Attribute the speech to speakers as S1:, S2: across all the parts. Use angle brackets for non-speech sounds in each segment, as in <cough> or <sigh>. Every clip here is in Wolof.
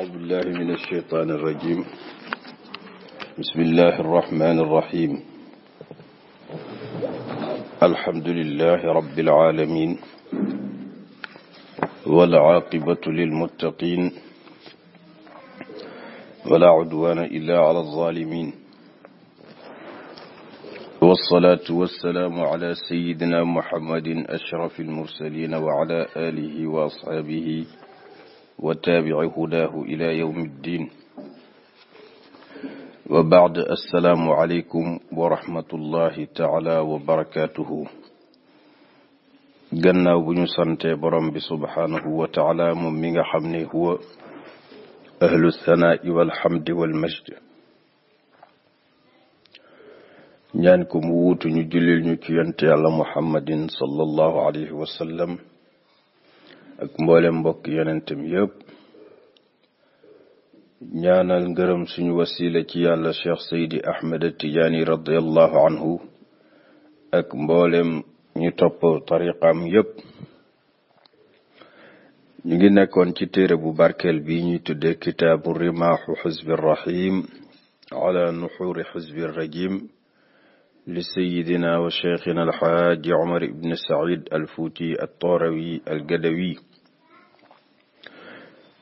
S1: أعوذ بالله من الشيطان الرجيم بسم الله الرحمن الرحيم الحمد لله رب العالمين والعاقبة للمتقين ولا عدوان إلا على الظالمين والصلاة والسلام على سيدنا محمد أشرف المرسلين وعلى آله وأصحابه وعلى wa taabici hudaahu ila yowmi ddin wa baad aleykum wa taala wa barakaatuhu bu ñu sante borom bi subhaanahu wa taala moom mi nga xam ne huwa ahlu sanaai walhamdi walmajd ñaan ko mu wuutu ñu julil ñu ci yonte yàlla muhammadin sallallahu alayhi ak mboolem mbokk yonentam yépp ñaanal ngërëm suñu wasila ci yàlla cheikh saydi ahmed tijaani radiallahu anhu ak mboolem ñu topp tariqam yépp ñu ngi nekkoon ci téere bu barkeel bi ñuy tudde kitaabu rimaaxu xusbi rahim ala nuxuuri xusbi rajim li sayidina wa cheikhina alxaaji omar ibn said alfuuti altorawi algadawi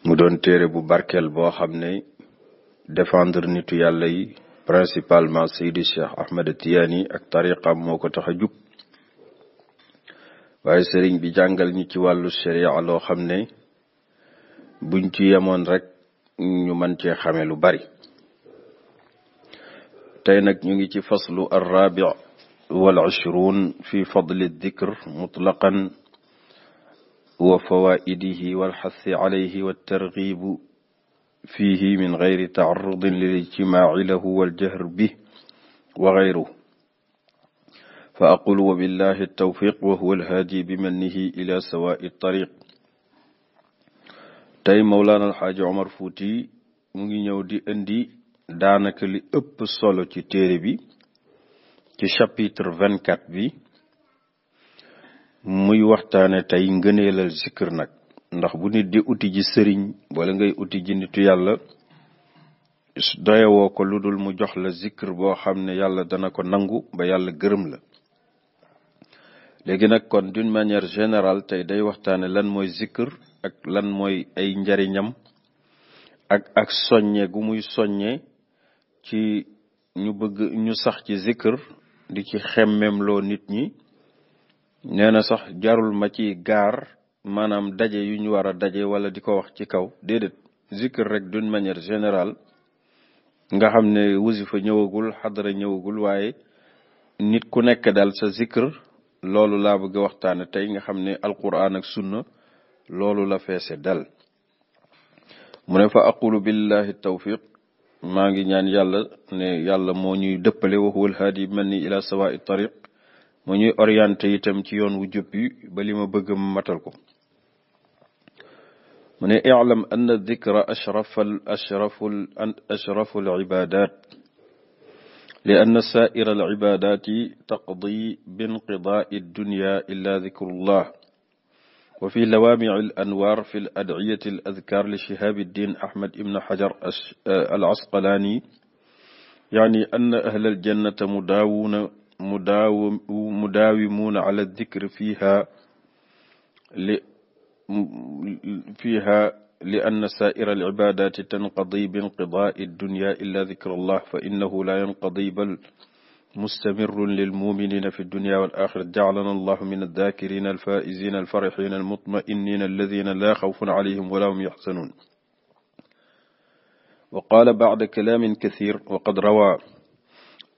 S1: mu doon téere bu barkeel boo xam ne défendre nitu yàlla yi principalement Seydi Cheikh Ahmed Tiyaani ak tariqam moo ko tax a jug waaye sëriñ bi jàngal ñi ci wàllu sharia loo xam ne buñ ci yemoon rek ñu mën cee xame lu bari tey nag ñu ngi ci faslu arrabi wal ashrun fi fadli dikr mutlaqan wa fawaidihi walxassi alayhi waltargibu fiihi min gayri taarudin lilijtimaci lahu waljahr bih wa gayruhu fa aqul wa billahi altawfiq wa huwa alhaadi bimannihi ila sawaai tariq tey mawlaana alxaaji omar fuuti mu ngi ñëw di indi daanaka li ëpp solo ci téere bi ci chapitre vingt-quatre bi muy waxtaane tey ngëneelal zikr nag ndax bu nit di uti ji sëriñ wala ngay uti ji nitu yàlla doyewoo ko lu dul mu jox la zikr boo xam ne yàlla dana ko nangu ba yàlla gërëm la léegi nag kon d'une manière générale tey day waxtaane lan mooy zikr ak lan mooy ay njariñam ak ak soññe gu muy soññee ci ñu bëgg ñu sax ci zikr di ci loo nit ñi nee sax jarul ma ci gaar maanaam daje yu ñu war a daje wala di ko wax ci kaw déedéet zikr rek d'une manière général nga xam ne wasifa ñëwagul xadara ñëwagul waaye nit ku nekk daal sa zikr loolu la bëgg a waxtaane tey nga xam ne alquran ak sunna loolu la feese dal mu ne fa aqulu billahi tawfiq maa ngi ñaan yàlla ne yàlla moo ñuy dëppale wa huwa alhaadi mel ni ila sawaai tariq moo ñuy orienté itam ci yoon wu jub yi ba li ma bëgg mu matal ko mu ne i'lam anna dikra ashrafu ashrafu ashrafu al-ibadat lianna saa'ira al-ibadati taqdi binqidaai ad-dunya illa dikrullah wa fi lawaami'i al-anwaar fi al-ad'iyati al-adkaar li Shihaab ad-Diin Ahmad ibn Hajar al-Asqalaani yaani anna ahla al-jannati mudaawuuna mudaawimuuna ala dikr fiha li fiha li anna saaira alibadati tanqadi binqidaai dunya illa dikr allah fa innahu la yanqadi bal مستمر للمؤمنين في الدنيا والآخرة جعلنا الله من الذاكرين الفائزين الفرحين المطمئنين الذين لا خوف عليهم ولا هم يحزنون وقال بعد كلام كثير وقد روى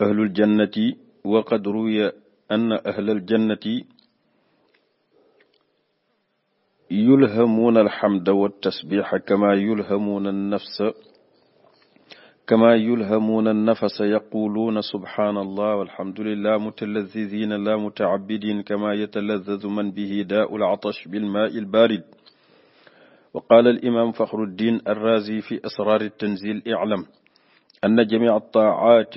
S1: أهل الجنة وقد روي أن أهل الجنة يلهمون الحمد والتسبيح كما يلهمون النفس كما يلهمون النفس يقولون سبحان الله والحمد لله متلذذين لا متعبدين كما يتلذذ من به داء العطش بالماء البارد وقال الإمام فخر الدين الرازي في أسرار التنزيل اعلم أن جميع الطاعات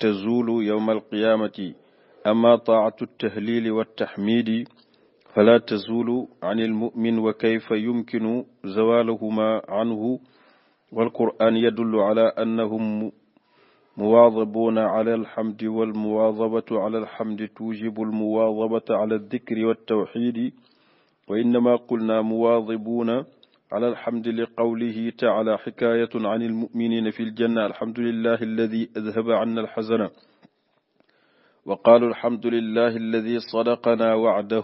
S1: تزول يوم القيامة أما طاعة التهليل والتحميد فلا تزول عن المؤمن وكيف يمكن زوالهما عنه والقرآن يدل على أنهم مواظبون على الحمد والمواظبة على الحمد توجب المواظبة على الذكر والتوحيد وإنما قلنا مواظبون على الحمد لقوله تعالى حكاية عن المؤمنين في الجنة الحمد لله الذي أذهب عنا الحزن وقالوا الحمد لله الذي صدقنا وعده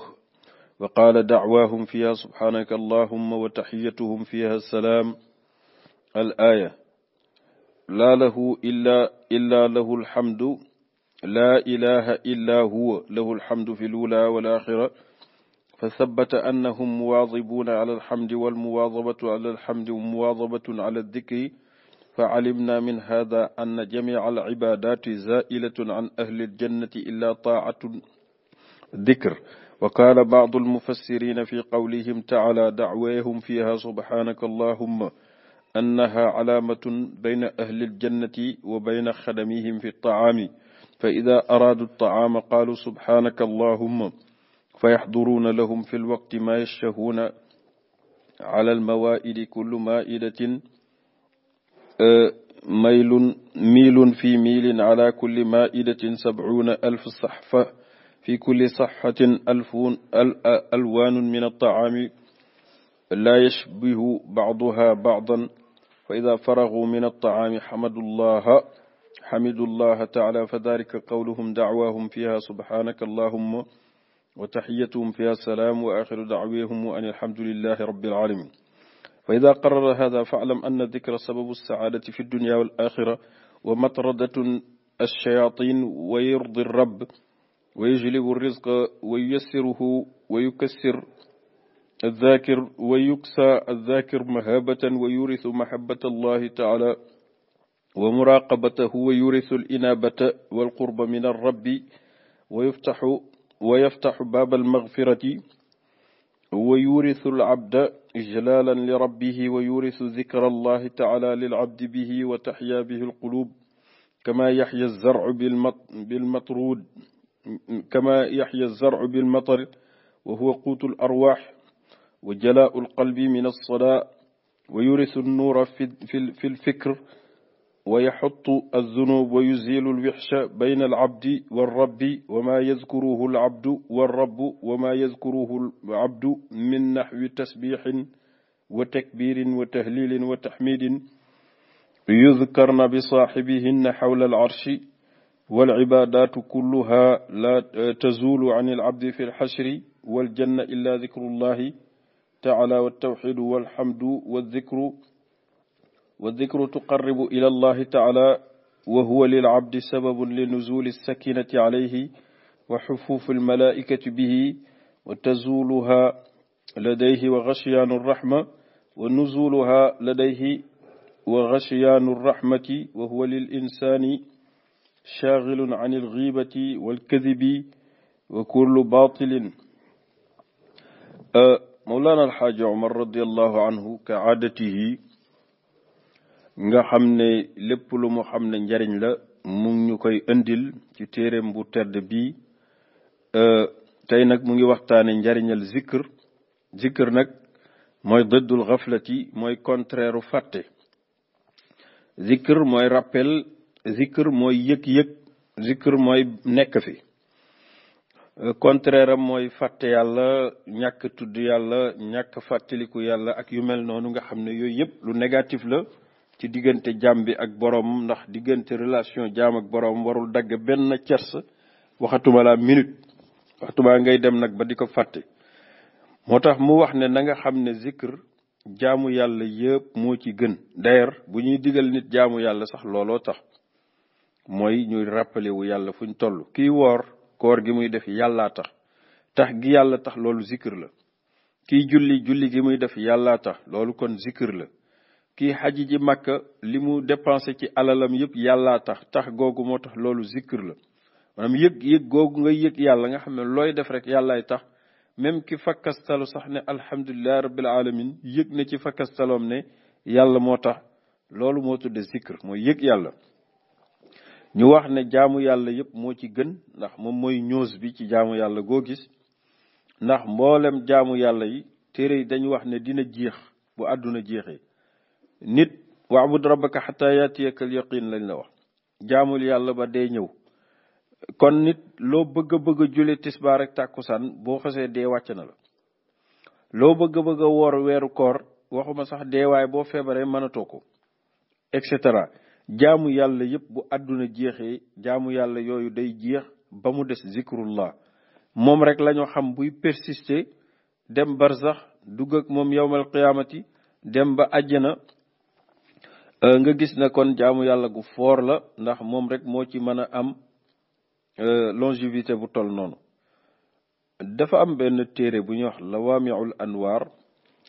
S1: وقال دعواهم فيها سبحانك اللهم وتحيتهم فيها السلام الآية لا له إلا إلا له الحمد لا إله إلا هو له الحمد في الأولى والآخرة fa sabata annahum muwaadibuuna ala alhamdi walmuwaadabatu ala alhamdi muwaadabatun ala aldikri fa calimna min hada anna jamica alcibaadaati zaa'ilatun can ahli aljannati illa taacatu dikr wa qaala bacdu almufassirina fi qawlihim tacaala dacwaahum fiiha subhaanaka allahumma annaha calaamatun bayna ahli aljannati wa bayna xadamihim fi altacaami fa ida araadu altacaama qaalu subhaanaka allahumma fa yaxduruuna lahum fi lwaqti maa yashtahuuna ala almawaidi kullu maidatin maylun miilun fi miilin ala kulli maidatin sabcuuna alf saxfa fi kulli saxatin alfuun alwaanun min altacaami laa yashbihu bacduha bacdan fa ida faraguu min altacaami xamadullaha xamidullaha taala fa dalika qawluhum dacwaahum fiha subhanaka allahumma wa taxiyatuhum fiha salaam wa axiru daawahum an alhamdulilahi rabbil alamin fa ida qarara hada faalam anna dikra sababu saadati fi dunya wal axira wa matradatun alshayatin wa yurdi rab wa yajlibu risqa wa yuyassiruhu wa yukassir الذاكر ويكسى الذاكر مهابة ويورث محبة الله تعالى ومراقبته ويورث الإنابة والقرب من الرب ويفتح wa yaftaxu baab almagfirati wa yurisu alabda ijlalan li rabbihi wa yurisu zikra allahi taala lilabdi bihi wa taxya bihi alqulub kama yaxya alzarcu bilmatruud kama yaxya alzarcu bilmatar wa huwa quutu alarwaax wa jalaau alqalbi min alsalaa wa yurisu annuura fi lfikr wa yaxutu alzunub wa yuzilu alwixsha bayna alabdi walrabbi wa ma yazkuruhu alabdu walrabbu wa ma yazkuruhu alabdu min naxwi tasbixin wa takbirin wa tahlilin wa taxmidin yudkarna bisaaxibihinna xawla alarshi walcibaadaatu kulluha la tazulu an alabdi fi alxashri waljanna illa dikrullahi taala waltawxidu walxamdu waldikru wa dikru tuqarribu ila allahi taala wa huwa lil abdi sababun li nuzuli sakinati alayhi wa xufuufu almalaikati bihi wa tazuluha ladayhi wa gashiyaanu rahma wa nuzuluha ladayhi wa gashiyaanu rahmati wa huwa lil insani shaagilun an algibati walkadibi wa kullu baatilin mawlaana alxaaji omar radiallahu anhu ka aadatihi nga xam ne lépp lu mu xam ne njariñ la mu ñu koy indil ci téereem bu tedd bii euh, tey nag mu ngi waxtaane njariñal zikr zikr nag mooy dëddul xaflati mooy contraire fàtte zikr mooy rappel zikr mooy yëg-yëg zikr mooy nekk fi euh, contraire am mooy fàtte yàlla ñàkk tudd yàlla ñàkk fàttaliku yàlla ak yu mel noonu nga xam ne yooyu yëpp lu négatif la ci diggante jaam bi ak borom ndax diggante relation jaam ak borom warul dagg benn cers waxatuma la minute waxatuma ngay dem nag ba di ko fàtte moo tax mu wax ne na nga xam ne zikr jaamu yàlla yëpp moo ci gën d'ailleurs bu ñuy digal nit jaamu yàlla sax looloo tax mooy ñu rappelé yàlla fu ñu toll kii woor koor gi muy def yàllaa tax tax gi yàlla tax loolu zikr la kii julli julli gi muy def yàllaa tax loolu kon zikr la kii xaji ji màkka li mu dépensé ci alalam yëpp yàllaa tax tax googu moo tax loolu zikr la maanaam yëg yëg googu nga yëg yàlla nga xam ne looy def rek yàllaay tax même ki fakkastalu sax ne alhamdulilahi rabbil alamin yëg na ci fakkastaloom ne yàlla moo tax loolu moo tudde zikr mooy yëg yàlla ñu wax ne jaamu yàlla yëpp moo ci gën ndax moom mooy ñoos bi ci jaamu yàlla goo gis ndax mboolem jaamu yàlla yi téere yi dañu wax ne dina jeex bu àdduna jeexee nit waabud rabbaka xata yaatiyaka al yaqin lañ la wax jaamul yàlla ba dee ñëw kon nit loo bëgg bëgga bëgg a julli tisbaar rek tàkkusaan boo xasee dee wàcc na la loo bëgg a bëgg a woor weeru koor waxuma sax deewaay boo feebaree mënatoo ko et cetera jaamu yàlla yëpp bu àdduna jeexee jaamu yàlla yooyu day jeex ba mu des zikrullah moom rek lañu xam buy persister dem barzax dugg ak moom yowmal qiyaamati dem ba àjjana Euh, nga gis ne kon jaamu yàlla gu foor la ndax moom rek moo ci mën a am euh, longévité bu toll noonu dafa am benn téere bu ñuy wax lawaamiul anwaar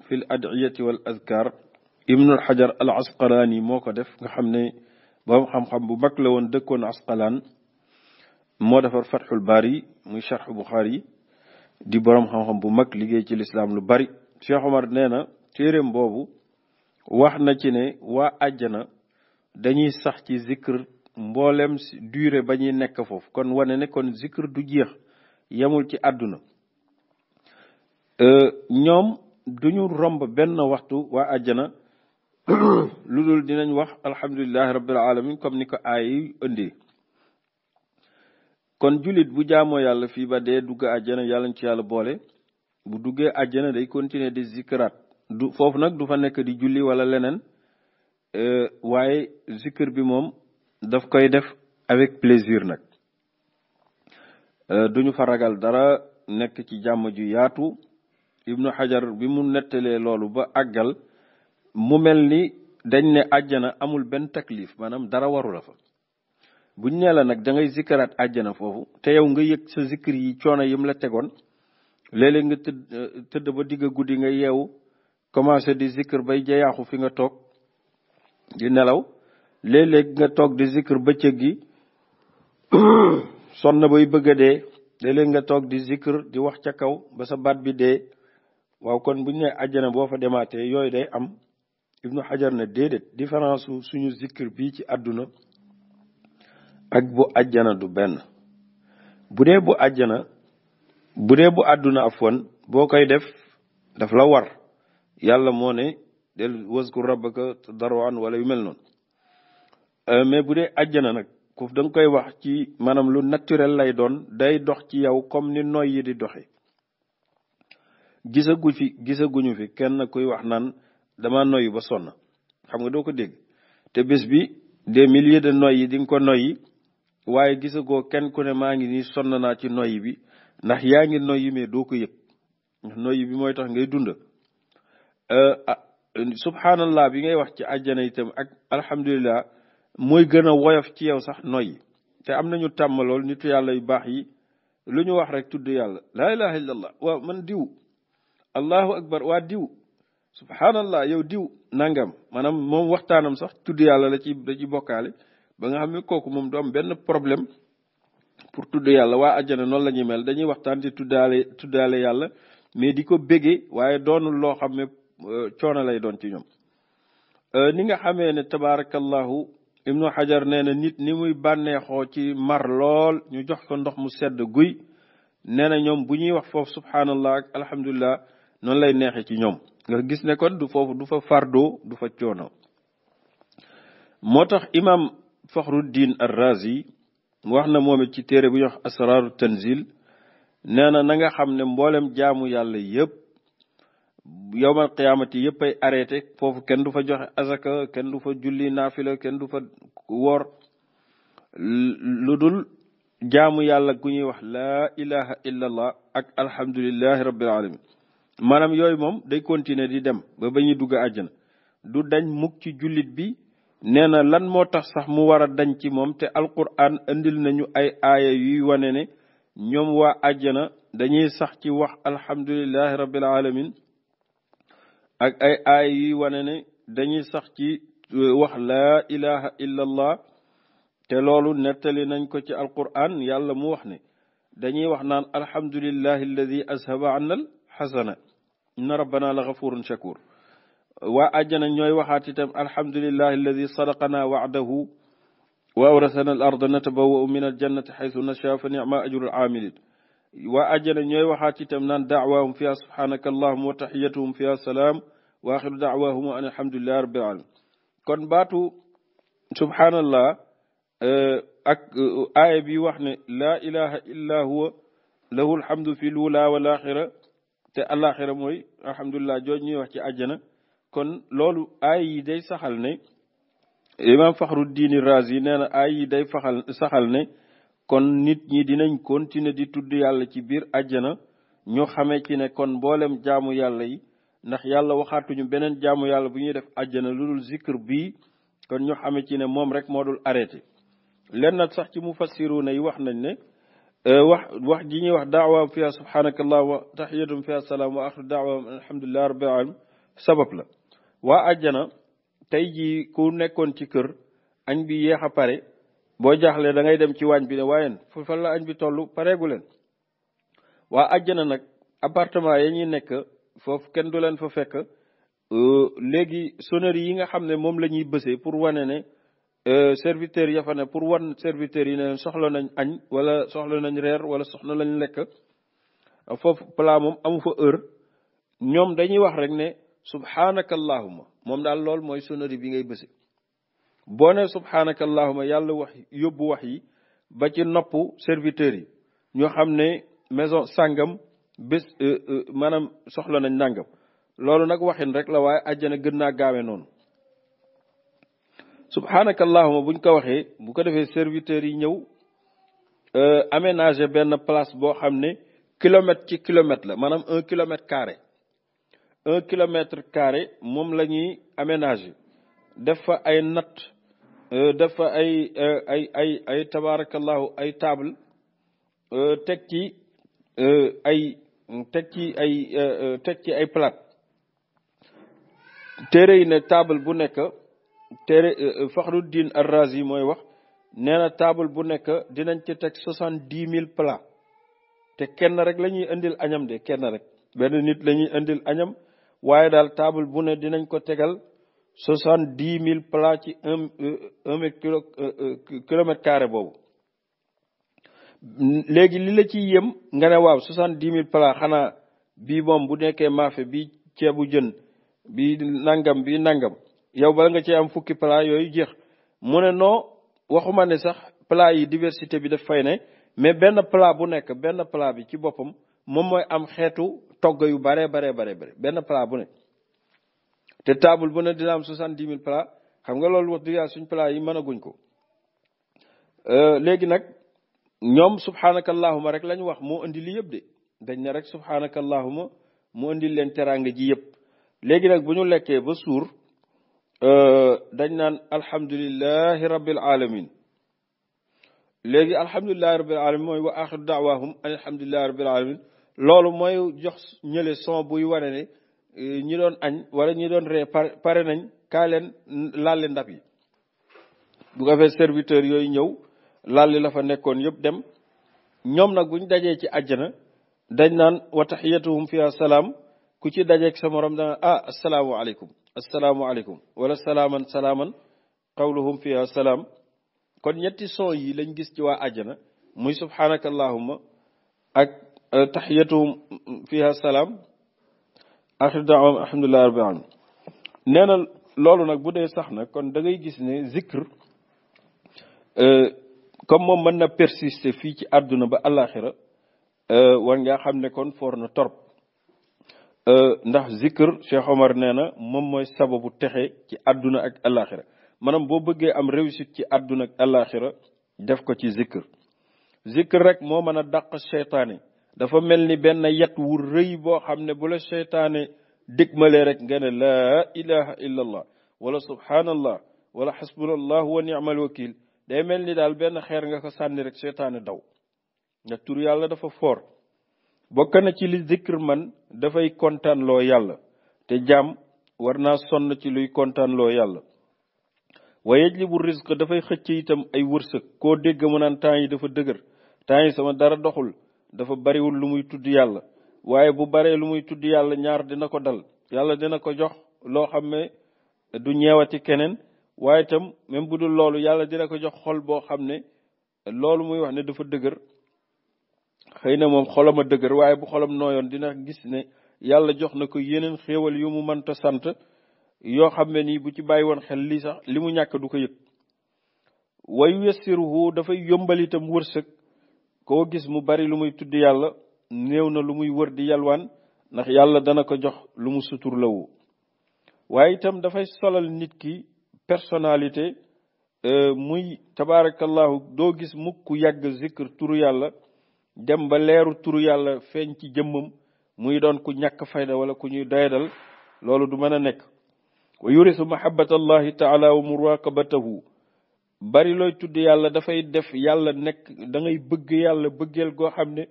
S1: fi l adiyati wal azkar ibnul xajar al asqalaani moo ko def nga xam ne borom xam-xam bu mag la woon dëkkoon asqalaan moo defar fatxul bari muy charx buxaari di borom xam-xam bu mag liggéey ci lislaam lu bari Cheikh Omar nee na téereem boobu wax na ci ne waa àjjana dañuy sax ci zikr mboolem durée ba ñuy nekk foofu kon wane ne kon zikr du jeex yemul ci àdduna euh, ñoom duñu romb benn waxtu waa àjjana <coughs> lu dul dinañ wax alhamdulilahi rabbil alamin comme ni ko aay yi indi kon jullit bu jaamoo yàlla fii ba dee dugg àjjana yàllañ ci yàlla boole bu duggee àjjana day continuer di zikraat du foofu nag du fa nekk di julli wala leneen euh, waaye zikr bi moom daf koy def avec plaisir nag euh, duñu fa ragal dara nekk ci jàmm ju yaatu ibnu xajar bi mu nettalee loolu ba àggal mu mel ni dañ ne àjjana amul benn taklif maanaam dara warula la fa buñ nee la nag da ngay zikkaraat àjjana foofu te yow nga yëg sa zikr yi coono yim la tegoon léeg-léeg nga tëdd euh, tëdd ba digg guddi nga yeewu commencé di zikr bay jayaaxu fi nga toog di nelaw léeg-léeg nga toog di zikr bëccëg gi <clears throat> sonn bay bëgg a dee léeg nga toog di zikr di wax ca kaw ba sa baat bi dee waaw kon bu ñu nee boo fa demaatee yooyu day am ibnu xajar na déedéet différence suñu zikr bi ci àdduna ak bu àjjana du benn bu dee bu àjjana bu dee bu àdduna afwan boo koy def daf la war yàlla moo ne del waskur rabbaka daruan wala yu mel noonu euh, mais bu dee àjjana nag ku da koy wax ci maanaam lu naturel lay doon day dox ci yow comme ni noy yi di doxe gisagu fi gisaguñu fi kenn kuy wax naan dama noyyi ba sonn xam nga doo ko dégg te bés bi des milliers de noyyi di nga ko noyyi waaye gisagoo kenn ku ne maa ngi ni sonn naa ci noyyi bi ndax yaa ngi noyyi mais doo ko yëg ndax bi mooy tax ngay dund Euh, ah, subhanallah bi ngay wax ci àjjana itam ak alhamdulilah mooy gën a woyof ci yow sax noyyi te am nañu tàmm lool nitu yàlla yu baax yi lu ñu wax rek tudd yàlla laa ilaha illallah waaw man diw allahu akbar waa diw subhanallah yow diw nangam maanaam moom waxtaanam sax tudd yàlla la ci la ci bokkaale ba nga xam ne kooku moom doom benn problème pour tudd yàlla waa àjjana noonu la ñuy mel dañuy waxtaan di tuddaale tuddaale yàlla mais di ko béggee waaye doonul loo Euh, coono lay doon ci ñoom euh, ni nga xamee ne tabaarakallahu ibnu xajar nee na nit ni muy bànneexoo ci mar lool ñu jox ko ndox mu sedd guy nee na ñoom bu ñuy wax foofu subhanallah ak alhamdulilah noonu lay neexee ci ñoom nga gis ne kon du foofu du fa fardo du fa coono moo tax diin faxruddin arrazi wax na moom ci téere bu ñuy wax asraaru tanzil nee na na nga xam ne mboolem jaamu yàlla yëpp yowmal qiyaamati yëpp ay arrêté foofu kenn du fa joxe azaka kenn du fa julli naafila kenn du fa woor lu dul jaamu yàlla gu ñuy wax la ilaha illa allah ak alhamdulilahi rabbil alamin maanaam yooyu moom day continuer di dem ba ba ñuy dugg àjjana du dañ mukk ci jullit bi nee na lan moo tax sax mu war a dañ ci moom te alquran indil nañu ay aaya yuy wane ne ñoom waa àjjana dañuy sax ci wax alhamdulilahi rabbil alamin ak ay aay yuy wane ne dañuy sax ci euh, wax laa ilaha illa allah te loolu nettali nañ ko ci alquran yàlla mu wax ne dañuy wax naan alhamdulillahi alladi azhaba anna al xasana inna rabbana la gafurun shakur waa àjjana ñooy waxaat itam alhamdulillahi alladi sadaqana wa'dahu wa awrasana al arda natabawwa'u min al jannati xaytu nasha fa nicma ajrul aamilin waa àjjana ñooy waxaat itam naan daawahum fiha subhanaka allahuma wa taxiyatuhum fiha salaam wa axiru daawahum an alhamdulilahi rabbil alamin kon baatu subhanallah eh, ak eh, bi wax ne laa ilaha illa huwa lahu alhamdu fi lula wal axira te alaxira mooy alhamdulilah jooj ñuy wax ci àjjana kon loolu aay yi saxal ne imam faxru diini razi nee na aay yi saxal ne kon nit ñi dinañ continuer di tudd yàlla ci biir àjjana ñu xamee ci ne kon mboolem jaamu yàlla yi ndax yàlla waxaatuñu beneen jaamu yàlla bu ñuy def àjjana lu dul zikr bii kon ñu xamee ci ne moom rek moo dul arrêté len nag sax ci na yi wax nañ ne e, wax wax ji ñuy wax daawa fiha subhanakallah wa tahiyatum fiha salaam wa axru daawaam alhamdulilah rabbil alamin sabab la waa àjjana tey jii ku nekkoon ci kër añ bi yéex pare boo jaaxlee da ngay dem ci waañ bi ne waaye fu fan la añ bi toll pareegu leen waa àjjana nag appartement ya ñuy nekk foofu kenn du leen fa fekk euh, léegi sonnerie yi nga xam ne moom la ñuy bësee pour wane ne euh, serviteurs ya fa ne pour wan serviteurs yi ne soxla nañ añ wala soxla nañ reer wala soxla nañ lekk foofu plat moom amu fa heure ñoom dañuy wax rek ne subhanakallahuma moom daal lool mooy sonnerie bi ngay bësee boo ne subhanaka allahuma yàlla wax yóbbu wax yi ba ci nopp serviteurs yi ñu xam ne maison sàngam bés euh, euh, maanaam soxla nañ nàngam loolu nag waxin rek la waaye àjjana gën naa gaawe noonu subhanaka allahuma buñ ko waxee bu ko defee serviteurs yi ñëw euh, aménager benn place boo xam ne kilomètre ci kilomètre la maanaam un kilomètre carré un kilomètre carré moom la ñuy aménager def fa ay natt Euh, dafa euh, ay ay ay ay tabaarakallahu ay table euh, teg ci ay teg ci ay teg ci ay plate téere yi ne table bu nekk téere Fakhruddin Arrazi mooy wax nee na table bu nekk dinañ ci teg soixante dix mille plats te kenn rek la ñuy indil añam de kenn rek benn nit lañuy indil añam waaye daal table bu ne dinañ ko tegal soixante dix mille plats ci un euh, un mètre kilo euh, euh, kilomètre carré boobu léegi li la ciy yëm nga ne waaw soixante dix mille plats xanaa bii moom bu nekkee maafe bi ceebu jën bi nangam bi nangam yow bala nga cee am fukki plats yooyu jeex mu ne noo waxuma ne sax plats yi diversité bi daf fay ne mais benn plat bu nekk benn plat bi ci boppam moom mooy am xeetu togg yu bare bare bare bare benn plat bu ne te taabul bu ne dina am soixante dix mille xam nga loolu wax dëgg yàlla suñ plats yi mënaguñ ko euh, léegi nag ñoom subhanakallahuma rek lañ wax moo indi li yëpp de dañ ne rek subhanakallahuma mu indi leen teraanga ji yëpp léegi nag bu ñu lekkee ba suur euh, dañ naan alhamdulillahi rabbil alamin léegi alhamdulillahi rabbil alamin mooy wa axiru daawahum an alhamdulillahi rabbil alamin loolu mooy jox ñële son buy wane ne Eh, ñi doon añ wala ñi doon ree pare nañ kaa leen laal li ndab yi bu fee serviteur yooyu ñëw laal li la fa nekkoon yëpp dem ñoom nag bu ñu dajee ci àjjana dañ naan wa taxiyatuhum fiha salaam ku ci dajeeg sa morom dana ah asalaamualeykum asalaamualeykum wala salaaman salaaman qawluhum fiha salaam kon ñetti son yi lañ gis ci waa àjjana muy subhanaka allahumma ak eh, taxiyatuhum fiha salaam axir daawam alhamdulilah rabbil alamin nee na loolu nag bu dee sax nag kon da ngay gis ne zikr euh, comme moom mën na persister fii ci àdduna ba àllaaxira euh, war nga xam ne kon foor na torop euh, ndax zikr Cheikh Omar nee na moom mooy sababu texe ci àdduna ak àllaaxira maanaam boo bëggee am réussite ci àdduna ak àllaaxira def ko ci zikr zikr rek moo mën a dàq seytaane dafa mel ni benn yat wu rëy boo xam ne bu la seytaane dégmale rek nga ne laa ilaha illa allah wala subhanallah wala xasbunallah wa ni'mal wakil day mel ni daal benn xeer nga ko sànni rek seytaane daw nga tur yàlla dafa foor bokk na ci li zikr man dafay kontaanloo yàlla te jaam war naa sonn ci luy kontaanloo yàlla waaye li bu risque dafay xëcc itam ay wërsëg koo dégg mu naan temps yi dafa dëgër temps yi sama dara doxul dafa bariwul lu muy tudd yàlla waaye bu baree lu muy tudd yàlla ñaar dina ko dal yàlla dina ko jox loo xam ne du ñeewati keneen waaye itam même bu dul loolu yàlla dina ko jox xol boo xam ne loolu muy wax ne dafa dëgër xëy na moom xolam a dëgër waaye bu xolam nooyoon dina gis ne yàlla jox na ko yeneen xéewal yu mu mënta sant yoo xam ne nii bu ci bàyyi woon xel lii sax li mu ñàkk du ko yëg way yessiruhu dafay yombal itam wërsëg koo gis mu bari lu muy tudd yàlla néew na lu muy wër di yalwaan ndax yàlla dana ko jox lu mu suturlawu waaye itam dafay solal nit ki personnalité euh, muy tabaarakallahu doo gis mukk yàgg zikr turu yàlla dem ba leeru turu yàlla feeñ ci jëmmam muy doon ku ñàkk fayda wala ku ñuy doyadal loolu du mën a nekk wa yurisu mahabbatallahi taala wa muraqabatahu bari looy tudd yàlla dafay def yàlla nekk da ngay bëgg yàlla bëggeel goo xam ne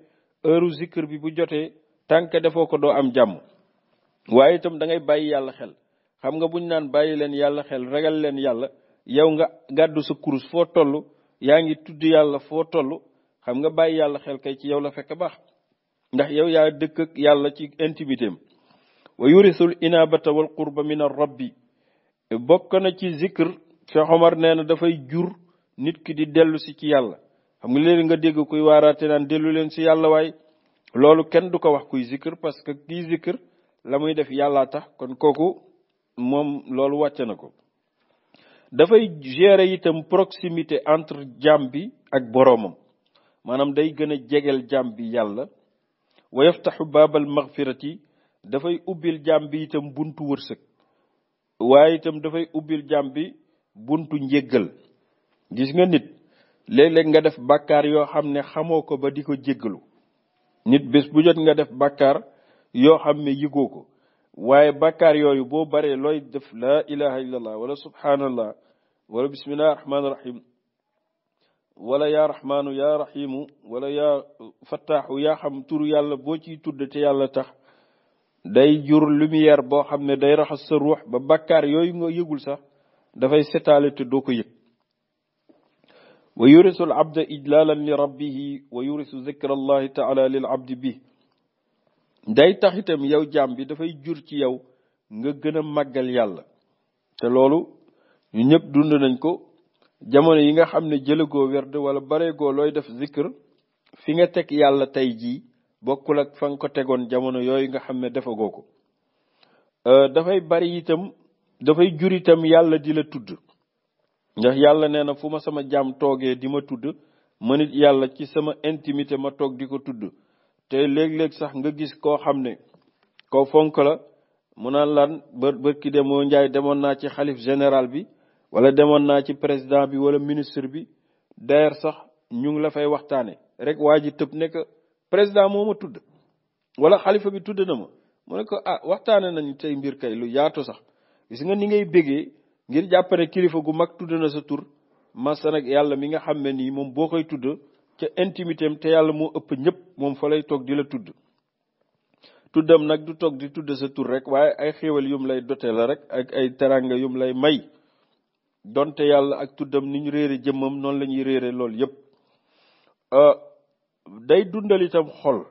S1: heure zikr bi bu jotee tànk defoo ko doo am jàmm waaye itam dangay bàyyi yàlla xel xam nga buñ naan bàyyi leen yàlla xel regal leen yàlla yow nga gàddu sa kurus foo toll yaa ngi tudd yàlla foo toll xam nga bàyyi yàlla xel kay ci yow la fekk baax ndax yow yaa dëkk ak yàlla ci intimité am wa yurisul inabata wal qurba min ar bokk na ci zikr Cheikh Omar nee na dafay jur nit ki di dellu si ci yàlla xam nga nga dégg kuy waaraate naan dellu leen si yàlla waaye loolu kenn du ko wax kuy zikir parce que kii zikir la muy def yàllaa tax kon kooku moom loolu wàcce na ko dafay gérer itam proximité entre jaam bi ak boroomam maanaam day gën a jegeel jaam bi yàlla wa yaftaxu baabal magfirati dafay ubbil jaam bi itam buntu wërsëg waaye itam dafay ubbil jaam bi buntu njéggal gis nga nit léeg-léeg nga def bàkkaar yoo xam ne xamoo ko ba di ko jéggalu nit bés bu jot nga def bàkkaar yoo xam ne yëgoo ko waaye bàkkaar yooyu boo baree looy def laa ilaha illallah wala subhanallah wala bismillahi rahmaani rahim wala yaa rahmaanu yaa rahimu wala yaa fattaaxu yaa xam turu yàlla boo ciy tudd te yàlla tax day jur lumière boo xam ne day raxas sa ruux ba bàkkaar yooyu nga yëgul sax dafay setaale te doo ko yëg wa yurisu al abda ijlalan li rabbihi wa yurisu zikra allahi taala lil abdi bi day tax itam yow jaam bi dafay jur ci yow nga gën a màggal yàlla te loolu ñu ñëpp dund nañ ko jamono yi nga xam ne jëlegoo werd wala bareegoo looy def zikr fi nga teg yàlla tey jii bokkul ak fa nga ko tegoon jamono yooyu nga xam ne defagoo ko euh, dafay bari itam dafay jur itam yàlla di la tudd ndax yàlla nee na fu ma sama jaam toogee di ma tudd man it yàlla ci sama intimité ma toog di ko tudd te léeg-léeg sax nga gis koo xam ne koo fonk la mu naan lan bër bër ki demoo njaay demoon naa ci xalif général bi wala demoon naa ci président bi wala ministre bi d'ailleurs sax ñu ngi la fay waxtaane rek waa ji tëb nekk président moo ma tudd wala xalifa bi tudd na ma mu ne ah waxtaane nañu tey mbir kay lu yaatu sax gis nga ni ngay bégee ngir jàpp kilifa gu mag tudd na sa tur masa nag yàlla mi nga xam ne nii moom boo koy tudd ca intimité am te yàlla moo ëpp ñëpp moom fa lay toog di la tudd tuddam nag du toog di tudd sa tur rek waaye ay xéewal yoom lay dote la rek ak ay teranga yum lay may donte yàlla ak tuddam ni ñu réere jëmmam noonu la ñuy réere loolu yëpp euh, day dundal itam xol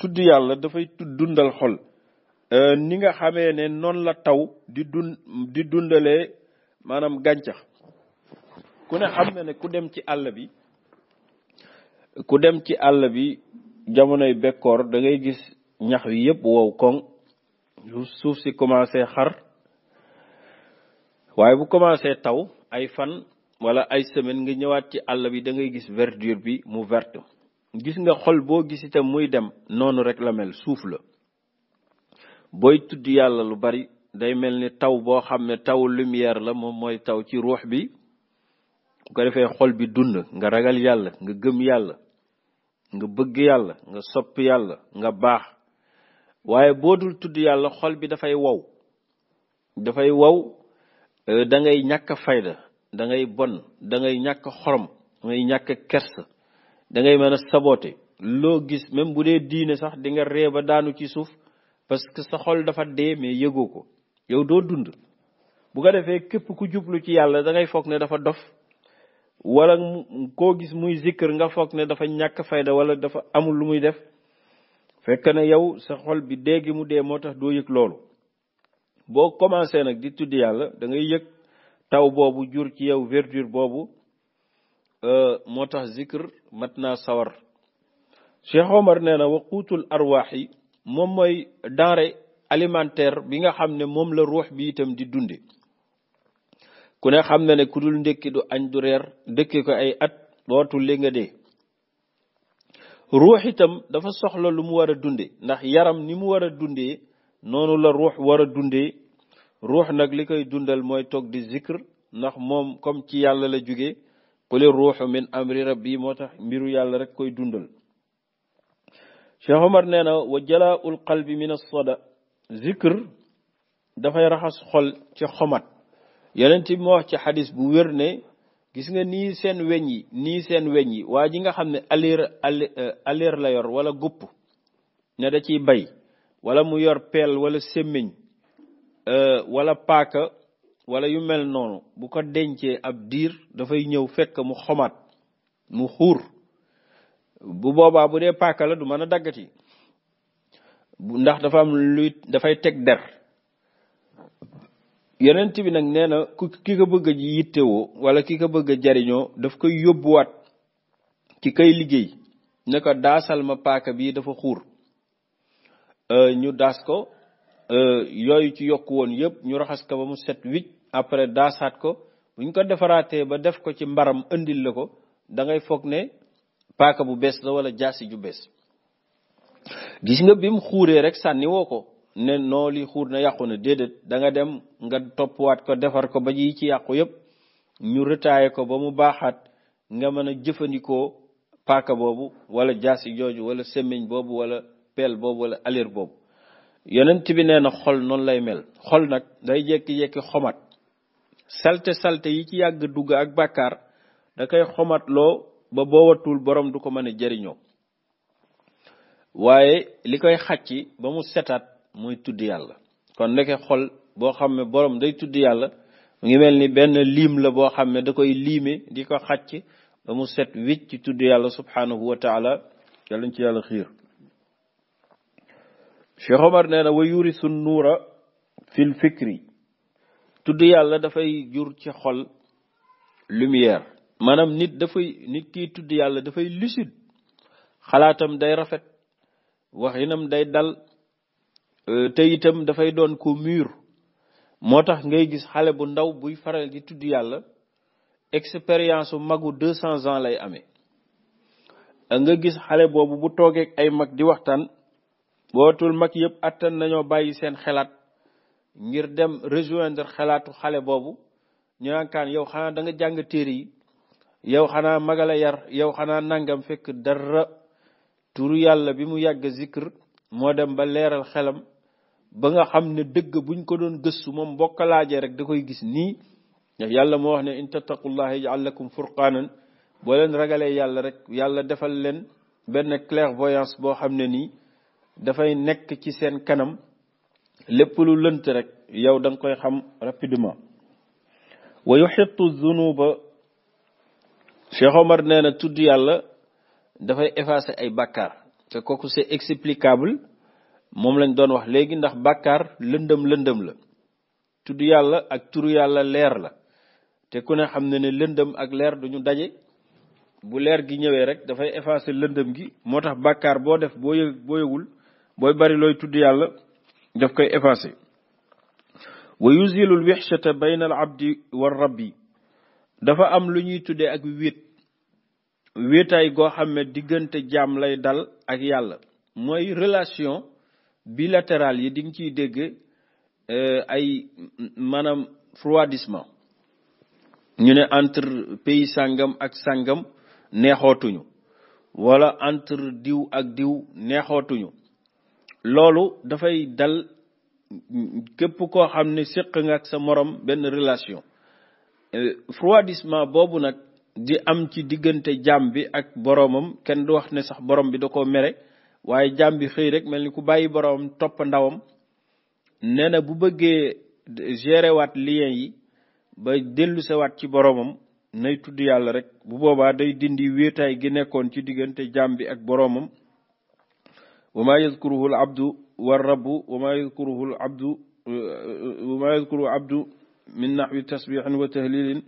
S1: tudd yàlla dafay tudd dundal xol Euh, ni nga xamee ne noonu la taw di dund di dundalee maanaam gàncax ku ne xam na ne ku dem ci àll bi ku dem ci àll bi jamonoy bekkoor da ngay gis ñax wi yëpp wow koŋ suuf si commencé xar waaye bu commencé taw ay fan wala ay semaine nga ñëwaat ci àll bi da ngay gis verdure bi mu vert gis nga xol boo gis itam muy dem noonu rek la mel suuf la booy tudd yàlla lu bari day mel ni taw boo xam ne taw lumière la moom mooy taw ci ruux bi bu ko defee xol bi dund nga ragal yàlla nga gëm yàlla nga bëgg yàlla nga sopp yàlla nga baax waaye boo dul tudd yàlla xol bi dafay wow dafay wow euh, dangay ñàkk fayda dangay bon dangay ñàkk xorom da ngay ñàkk kersa da mën a saboote loo gis même bu dee diine sax di ree ba daanu ci suuf parce que sa xol dafa dee mais yëgoo ko yow doo dund bu ko defee képp ku jublu ci yàlla da ngay foog ne dafa dof wala koo gis muy zikkër nga foog ne dafa ñàkk fayda wala dafa amul lu muy def fekk ne yow sa xol bi dee mu dee moo tax doo yëg loolu boo commencé nag di tudd yàlla dangay yëg taw boobu jur ci yow verdure boobu euh, moo tax zikr mat naa sawar Cheikh Omar nee na waquutul arwaax yi moom mooy denrée alimentaire bi nga xam ne moom la ruux bi itam di dunde ku ne xam na ne ku dul ndékki du añ du reer dëkki ko ay at dootul li nga dee ruux itam dafa soxla lu mu war a dunde ndax yaram ni mu war a dundee noonu la ruux war a dundee ruux nag li koy dundal mooy toog di zikr ndax moom comme ci yàlla la jóge quli ruuxu min amri bii moo tax mbiru yàlla rek koy dundal Cheikh Omar nee na wa jalaaul qalbi min as-sada zikr dafay raxas xol ci xomat yeneen bi moo wax ci xadis bu wér ne gis nga ni seen weñ yi nii seen weñ yi waa ji nga xam ne alir euh, alir la yor wala gupp ne da ciy bay wala mu yor peel wala sémmiñ euh, wala paaka wala yu mel noonu bu ko dencee ab diir dafay ñëw fekk mu xomaat mu xuur bu boobaa bu dee paaka la du mën a daggati ndax dafa am luy dafay teg der yonent bi nag nee na ku ki ko bëgg a yittewoo wala ki ko bëgg jariñoo daf koy yóbbuwaat ci kay liggéey ne ko daasal ma paaka bii dafa xuur euh, ñu daas ko euh, yooyu ci yokk woon yëpp ñu raxas ko ba mu set wicc après daasaat ko buñ ko defaraatee ba def ko ci mbaram indil la ko da foog ne paaka bu bees la wala jaasi ju bees gis nga bim xuuree rekk sànni woo ko ne noo li xuur na yàqu na déedéet da nga dem nga toppwaat ko defar ko ba yi ci yàqu yëpp ñu retaaye ko ba mu baaxaat nga mën a jëfandikoo paaka boobu wala jaasi jooju wala semmiñ boobu wala peel boobu wala alir boobu yonent bi nee xol noonu lay mel xol nag day jekki-jekki xomat salte salte yi ci yàgg dugg ak bàkkaar da koy xomatloo ba boo wattul borom du ko mën a jëriñoo waaye li koy xàcc ba mu setaat mooy tudd yàlla kon ndeke xol boo xam ne boroom day tudd yàlla mu ngi mel ni benn liim la boo xam ne da koy liime di ko xàcc ba mu set wicc ci tudd yàlla subhanahu wa taala lañ ci yàlla xiir Cheikh Omar nee na wa yurisu nuura fil fikri tudd yàlla dafay jur ci xol lumière maanaam nit dafay nit kiy tudd yàlla dafay lucide xalaatam day rafet waxinam day dal euh, te itam dafay doon ko mûr moo tax ngay gis xale bu ndaw buy faral di tudd yàlla expérience su magu deux cent ans lay amee nga gis xale boobu bu toogeek ay mag di waxtaan bootul mag yëpp attan nañoo bàyyi seen xelaat ngir dem rejoindre xelaatu xale boobu ñu naan yow xanaa danga jàng téere yi yow xanaa magala yar yow xanaa nangam fekk dara turu yàlla bi mu yàgg zikr moo dem ba leeral xelam ba nga xam ne dëgg buñ ko doon gëstu moom bokk rek da koy gis nii yàlla moo wax ne in tattaqullaha yaj'al lakum furqaanan boo leen ragalee yàlla rek yàlla defal leen benn clairvoyance boo xam ne nii dafay nekk ci seen kanam lépp lu lënt rek yow da koy xam rapidement wa yuhittu zunuba Cheikh Omar nee na tudd yàlla dafay effacer ay bàkkaar te kooku c'est explicable moom lañ doon wax léegi ndax bàkkaar lëndëm lëndëm la tudd yàlla ak turu yàlla leer la te ku ne xam ne ne lëndëm ak leer duñu daje bu leer gi ñëwee rek dafay effacer lëndëm gi moo tax bàkkaar boo def boo yëg boo yëgul booy bari looy tudd yàlla daf koy effacer wa yusilul wixchata bayna al abdi wa rabbi dafa am lu ñuy tuddee ak wéet wéetaay goo xam ne diggante jaam lay dal ak yàlla mooy relation bilatérale yi di nga ciy dégg euh, ay maanaam froidissement ñu ne entre pays sàngam ak sàngam neexootuñu wala entre diw ak diw neexootuñu loolu dafay dal képp koo xam ne séq nga ak sa morom benn relation Euh, froidissement boobu nag di am ci diggante jaam bi ak boroomam kenn du wax ne sax borom bi da koo mere waaye jaam xëy rek mel ni ku bàyyi boroomam topp ndawam nee na bu bëggee gérer waat lien yi ba dellusewaat ci boroomam nay tudd yàlla rek bu boobaa day dindi wéetaay gi nekkoon ci diggante jaam bi ak boroomam wa maa yazkuruhu abdu war rabbu wa maa yazkuruhu abdu min naxwi tasbixin wa tahlilin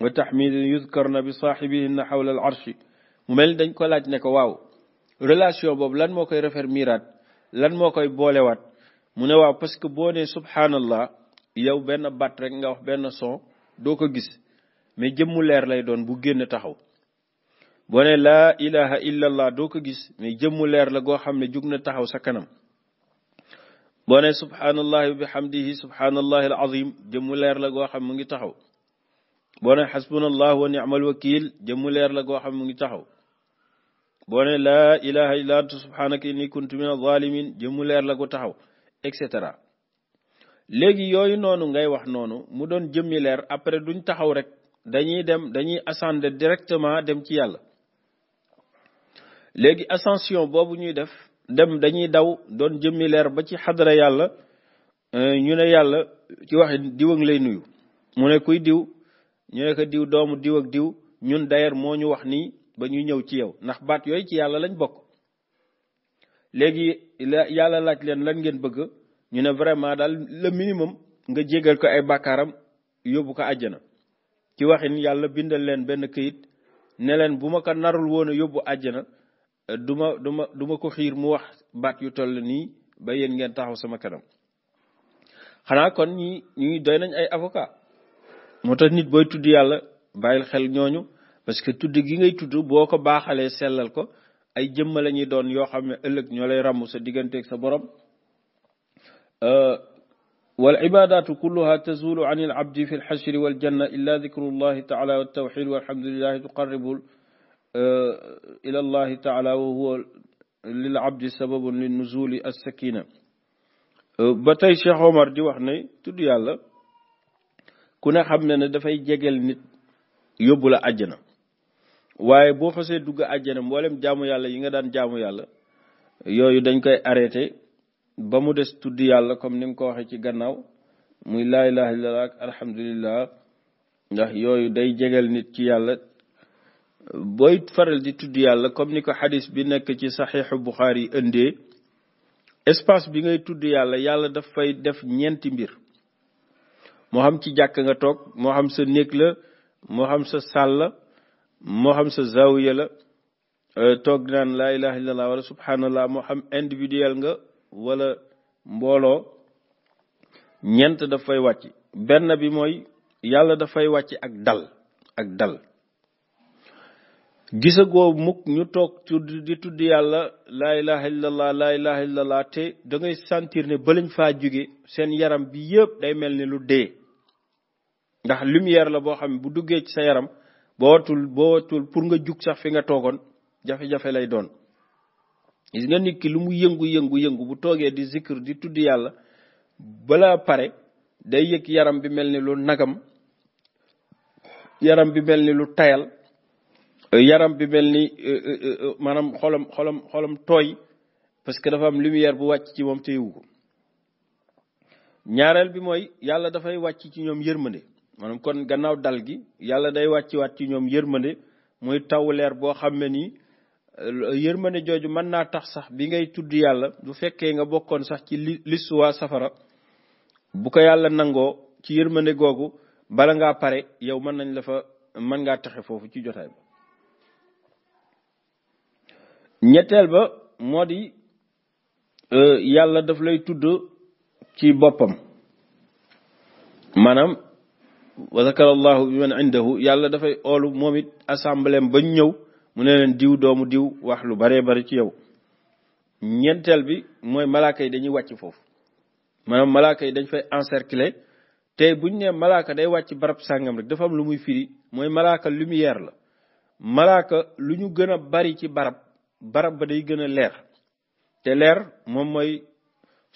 S1: wa taxmidin yudkarna bi saaxibihinna xawla al arshi mu mel dañ ko laaj ne ko waaw relation boobu lan moo koy refer miiraat lan moo koy boolewaat mu ne waaw parce que boo nee subhanallah yow benn baat rek nga wax benn son doo ko gis mais jëmmu leer lay doon bu génn taxaw boo ne laa ilaha illallah doo ko gis mais jëmmu leer la goo xam ne jug na taxaw sa kanam boo ne subhaanallahi wa bihamdihi subhaanallahi alazim jëmmu leer la goo xam mu ngi taxaw boo ne xasbunallahu wa ni'mal wakiil jëmmu la goo xam mu ngi taxaw boo ne illa anta subhanaka inni kuntu min azalimin jëmmu leer la ko taxaw et cetera léegi yooyu noonu ngay wax noonu mu doon jëmmi leer après duñ taxaw rek dañuy dem dañuy ascender directement dem ci yàlla léegi ascension boobu ñuy def dem dañuy daw doon jëmmi leer ba ci xadara yàlla euh, ñu ne yàlla ci wax diw ak lay nuyu mu ne kuy diw ñu ne ko diw doomu diw ak diw ñun dayer moo ñu wax nii ba ñuy ñëw ci yow ndax baat yooyu ci yàlla lañ bokk léegi yàlla laaj leen lan ngeen bëgg ñu ne vraiment daal le minimum nga jégal ko ay bàkkaaram yóbbu ko àjjana ci waxin yàlla bindal leen benn këyit ne leen bu ma ko narul woon a yóbbu àjjana du ma du ma du ma ko xiir mu wax baat yu toll nii ba yéen ngeen taxaw sama kanam xanaa kon ñi ñuy doy nañ ay avocat moo tax nit booy tudd yàlla bàyyil xel ñooñu parce que tudd gi ngay tudd boo ko baaxalee sellal ko ay jëmma la doon yoo xam ne ëllëg ñoo lay ràmm sa digganteek sa borom euh, wal ibadatu kulluha tazulu an al abdi fi al xashri wal janna illa dicrullahi taala wa tawxid ila allahi taala wa huwa lil abdi sababun li nuzuli as-sakina ba tey Cheikh Omar di wax na tudd yàlla ku ne xam ne ne dafay jegel nit yóbbu la àjjana waaye boo xasee dugg àjjana mboolem jaamu yàlla yi nga daan jaamu yàlla yooyu dañ koy arrêté ba mu des tudd yàlla comme ni nga ko waxee ci gannaaw muy laa ilaha illallah ak alhamdulillah ndax yooyu day jegel nit ci yàlla booy faral di tudd yàlla comme ni ko xadis bi nekk ci saxiixu Buxaari yi indee espace bi ngay tudd yàlla yàlla daf fay def ñeenti mbir moo xam ci jàkk nga toog moo xam sa néeg la moo xam sa sàll moo xam sa zawiya la euh, toog naan laa ilaha illallah wala subhanallah moo xam individuel nga walla mbooloo ñeent daf fay wàcc benn bi mooy yàlla dafay wàcc ak dal ak dal gisagoo mukk ñu toog di tudd yàlla laa ilaha illallah laa ilaha illallah te da ngay ne balañ faa jóge seen yaram bi yëpp day mel ni lu dee ndax lumière la boo xam ne bu duggee ci sa yaram boo watul boo watul pour nga jug sax fi nga toogoon jafe-jafe lay doon gis nga nit lu mu yëngu yëngu yëngu bu toogee di zikr di tudd yàlla balaa pare day yëg yaram bi mel ni lu nagam yaram bi mel ni lu tayal Euh, yaram bi mel ni euh, euh, maanaam xolam xolam xolam tooy parce que dafa am lumière bu wàcc ci moom téyewu ko ñaareel bi mooy yàlla dafay wàcc ci ñoom yërmande maanaam kon gannaaw dal gi yàlla day wàcc waat ci ñoom yërmande muy taw leer boo xam ne nii yërmande jooju mën naa tax sax bi ngay tudd yàlla bu fekkee nga bokkoon sax ci li listu waa safara bu ko yàlla nangoo ci yërmande googu bala ngaa pare yow mën nañ la fa mën ngaa taxe foofu ci jotaay ñetteel ba moo di euh, yàlla daf lay tudd ci boppam maanaam wa zakara allahu bi man indahu yàlla dafay oolu moom it assemblée ba ñëw mu ne leen diw doomu diw wax lu baree bari ci yow ñeenteel bi mooy malaaka yi dañuy wàcc foofu maanaam malaaka yi dañ fay encercler te bu ñu nee malaaka day wàcc barab sàngam rek dafa am lu muy firi mooy malaaka lumière la malaaka lu ñu gën bari ci barab barab ba day gën a leer te leer moom mooy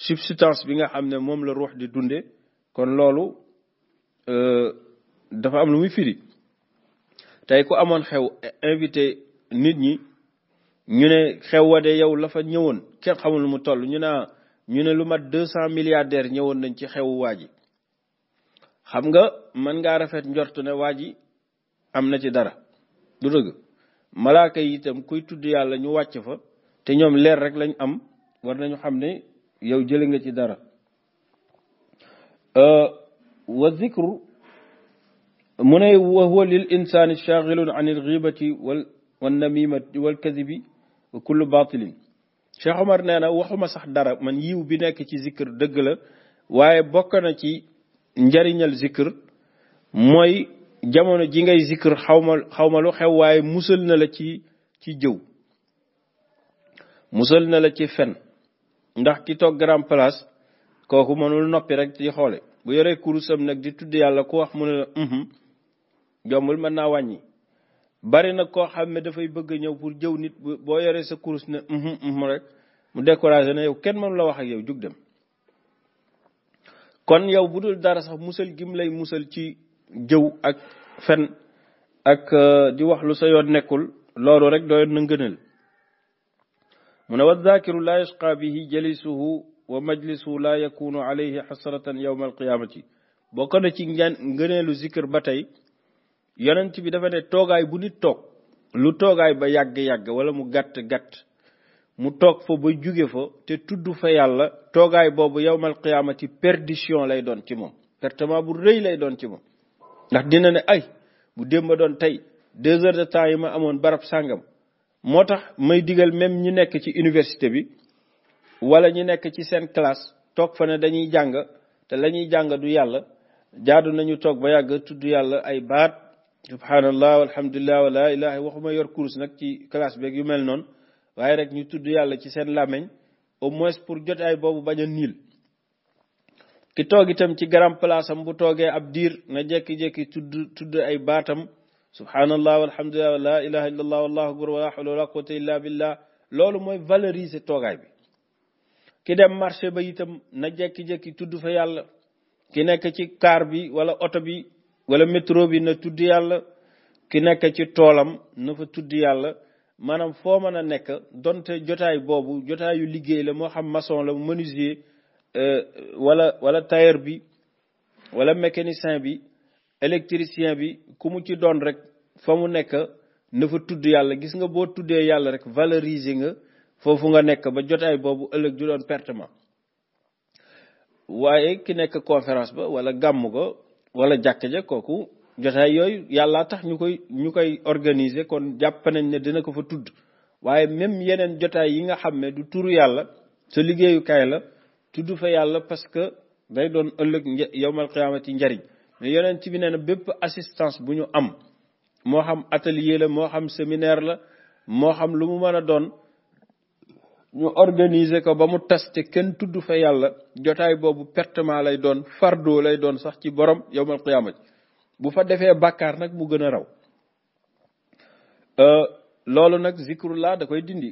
S1: substance bi nga xam ne moom la ruux di dunde kon loolu euh, dafa am lu muy firi tey ku amoon xew invité nit ñi ñu ne xew wa de yow lafa fa ñëwoon kenn xamul mu toll ñu naa ñu ne lu mat deux cent milliardaires ñëwoon nañ ci xewu waa ji xam nga mën ngaa rafet njort ne waa ji am na ci dara du dëgg malaaka yi kuy tudd yàlla ñu wàcc fa te ñoom leer rek lañ am war nañu xam ne yow jële nga ci dara euh, wa zikru mu ne wa huwa lil insaani shaagilun an il ghibati wal wan namimati wal kadibi wa kullu batilin Cheikh Omar nee na waxuma sax dara man yiw bi nekk ci zikr dëgg la waaye bokk na ci njariñal zikr mooy jamono ji ngay zikr xawma xawma lu xew waaye musal na la ci ci jëw musal na la ci fen ndax ki toog grand place kooku mënul noppi rek ci xoole bu yoree kurusam nag di tudd yàlla ku wax mu ne la jombul mën naa wàññi bari na koo xam ne dafay bëgg ñëw pour jëw nit boo yoree sa kurus ne rek mu découragé na yow kenn mënula wax ak yow jug dem kon yow bu dul dara sax musal gim lay musal ci jëw ak fen ak euh, di wax lu sa yoon nekkul loolu rek doyoon na ngënal mu ne wa zaakiru laa yashqa bihi jalisuhu wa majlisuhu laa yakunu alayhi xasratan yowma alqiyaamati boo na ci ngen ngëneelu zikr ba tey yonent bi dafa ne toogaay bu nit toog lu toogaay ba yàgg-yàgg wala mu gàtt-gàtt mu toog fa ba jóge fa te tudd fa yàlla toogaay boobu yowmal qiyaamati perdition lay doon ci moom pertement bu rëy lay doon ci moom ndax dina ne ay bu démb doon tey deux heures de temps yi ma amoon barab sàngam moo tax may digal même ñi nekk ci université bi wala ñi nekk ci seen classe toog fa ne dañuy jàng te lañuy ñuy du yàlla jaadu nañu toog ba yàgg tudd yàlla ay baat subhanallah walhamdulillah wala ilaha waxuma yor cours nag ci classe beeg yu mel noonu waaye rek ñu tudd yàlla ci seen làmmiñ au moins pour jotaay boobu bañ a niil ki toog itam ci garam place am bu toogee ab diir na jékki-jékki tudd tudd ay baatam subhanallah walhamdulillah wa la ilaha illallah wallahu akbar wa la hawla wala quwwata illa billah loolu mooy valoriser toogaay bi ki dem marché ba itam na jékki-jékki tudd fa yàlla ki nekk ci kaar bi wala oto bi wala métro bi na tudd yàlla ki nekk ci toolam na fa tudd yàlla maanaam foo mën a nekk donte jotaay boobu jotaayu liggéey la moo xam maçon la menuisier Euh, wala wala tailleur bi wala mécanicien bi électricien bi ku mu ci doon rek fa mu nekk na fa tudd yàlla gis nga boo tuddee yàlla rek valoriser nga foofu nga nekk ba jotaay boobu ëllëg du doon pertement waaye ki nekk conférence ba wala gàmm ga wala jàkk ja kooku jotaay yooyu yàlla tax ñu koy ñu koy organiser kon jàpp nañ ne dina ko fa tudd waaye même yeneen jotaay yi nga xam ne du turu yàlla sa liggéeyukaay la tudd fa yàlla parce que day doon ëllëg yowmal qiyaamati njariñ yeneen ci bi nee na bépp assistance bu ñu am moo xam atelier la moo xam séminaire la moo xam lu mu mën a doon ñu organiser ko ba mu tas te kenn tudd fa yàlla jotaay boobu pertement lay doon fardo lay doon sax ci borom yowmal qiyaamati bu fa defee bàkkaar nag mu gën a raw euh, loolu nag zikrullah da koy dindi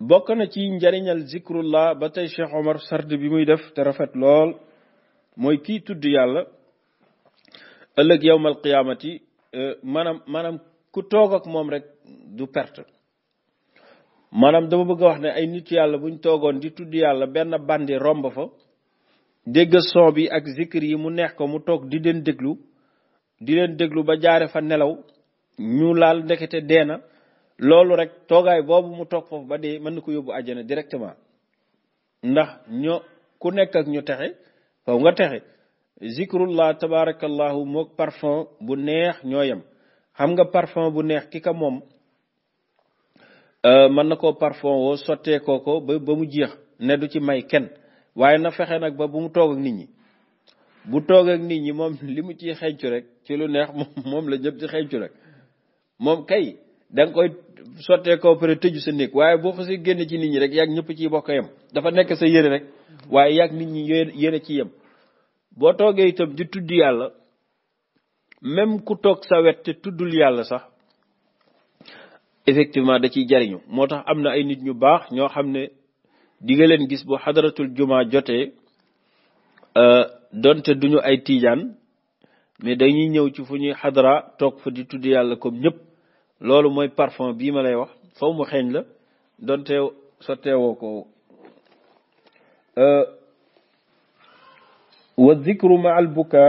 S1: bokk na ci njariñal zikrullah ba tey Cheikh Omar sard bi muy def te rafet lool mooy kii tudd yàlla ëllëg yowmal qiyaamati euh, maanaam maanaam ku toog ak moom rek du perte maanaam dama bëgg a wax ne ay nit yàlla buñ toogoon di tudd yàlla benn bandi romb fa dégg son bi ak zikr yi mu neex ko mu toog di leen déglu di leen déglu ba jaare fa nelaw ñu laal ndekete deena loolu rek toogaay boobu mu toog foofu ba dee mën na ko yóbbu àjjana directement ndax ñoo ku nekk ak ñu texe faw nga texe zikrullah tabarakallahu moog parfum bu neex ñoo yam xam nga parfum bu neex ki ka moom euh, mën na ko parfum woo sottee kooko ba ba mu jeex ne du ci may kenn waaye na fexe nag ba bu mu toog nit ñi bu toog nit ñi moom <laughs> li mu ciy xencu rek ci lu neex moom la ñëpp ci xencu rek moom kay da koy sottee ko pare tëju sa néeg waaye boo xasee génnee ci nit ñi rek yaag ñëpp ciy bokk yam dafa nekk sa yére rek waaye yaag nit ñi yére ci yem boo toogee itam di tudd yàlla même ku toog sa wet te tuddul yàlla sax effectivement da ciy jariñu moo tax am na ay nit ñu baax ñoo xam ne di nga leen gis bu xadaratul jumaa jotee euh, donte duñu ay tiijaan mais dañuy ñëw ci fu ñuy xadara toog fa di tudd yàlla comme ñëpp loolu mooy parfum bii ma lay wax faw mu xeeñ la donte sotteewoo ko euh, wa zikru ma al buka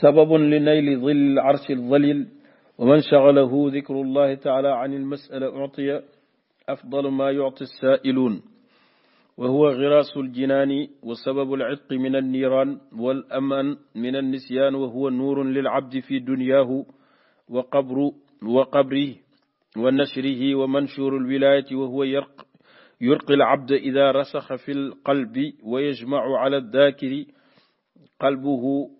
S1: sababun li nayli zilli al arshi al zalil wa man shagalahu zikru llahi taala an al masala utiya afdalu ma yuti alsaa'iluun wa huwa giraasu aljinaani wa sababu alcitqi min alniiraan wal aman min annisyaan wa huwa nuurun lil abdi fi dunyaahu wa qabru wa qabri wa nashrihi wa manshuru alwilayati wa huwa yurqi alabd ida rasaxa fi lqalbi wa yajmacu ala aldakiri qalbuhu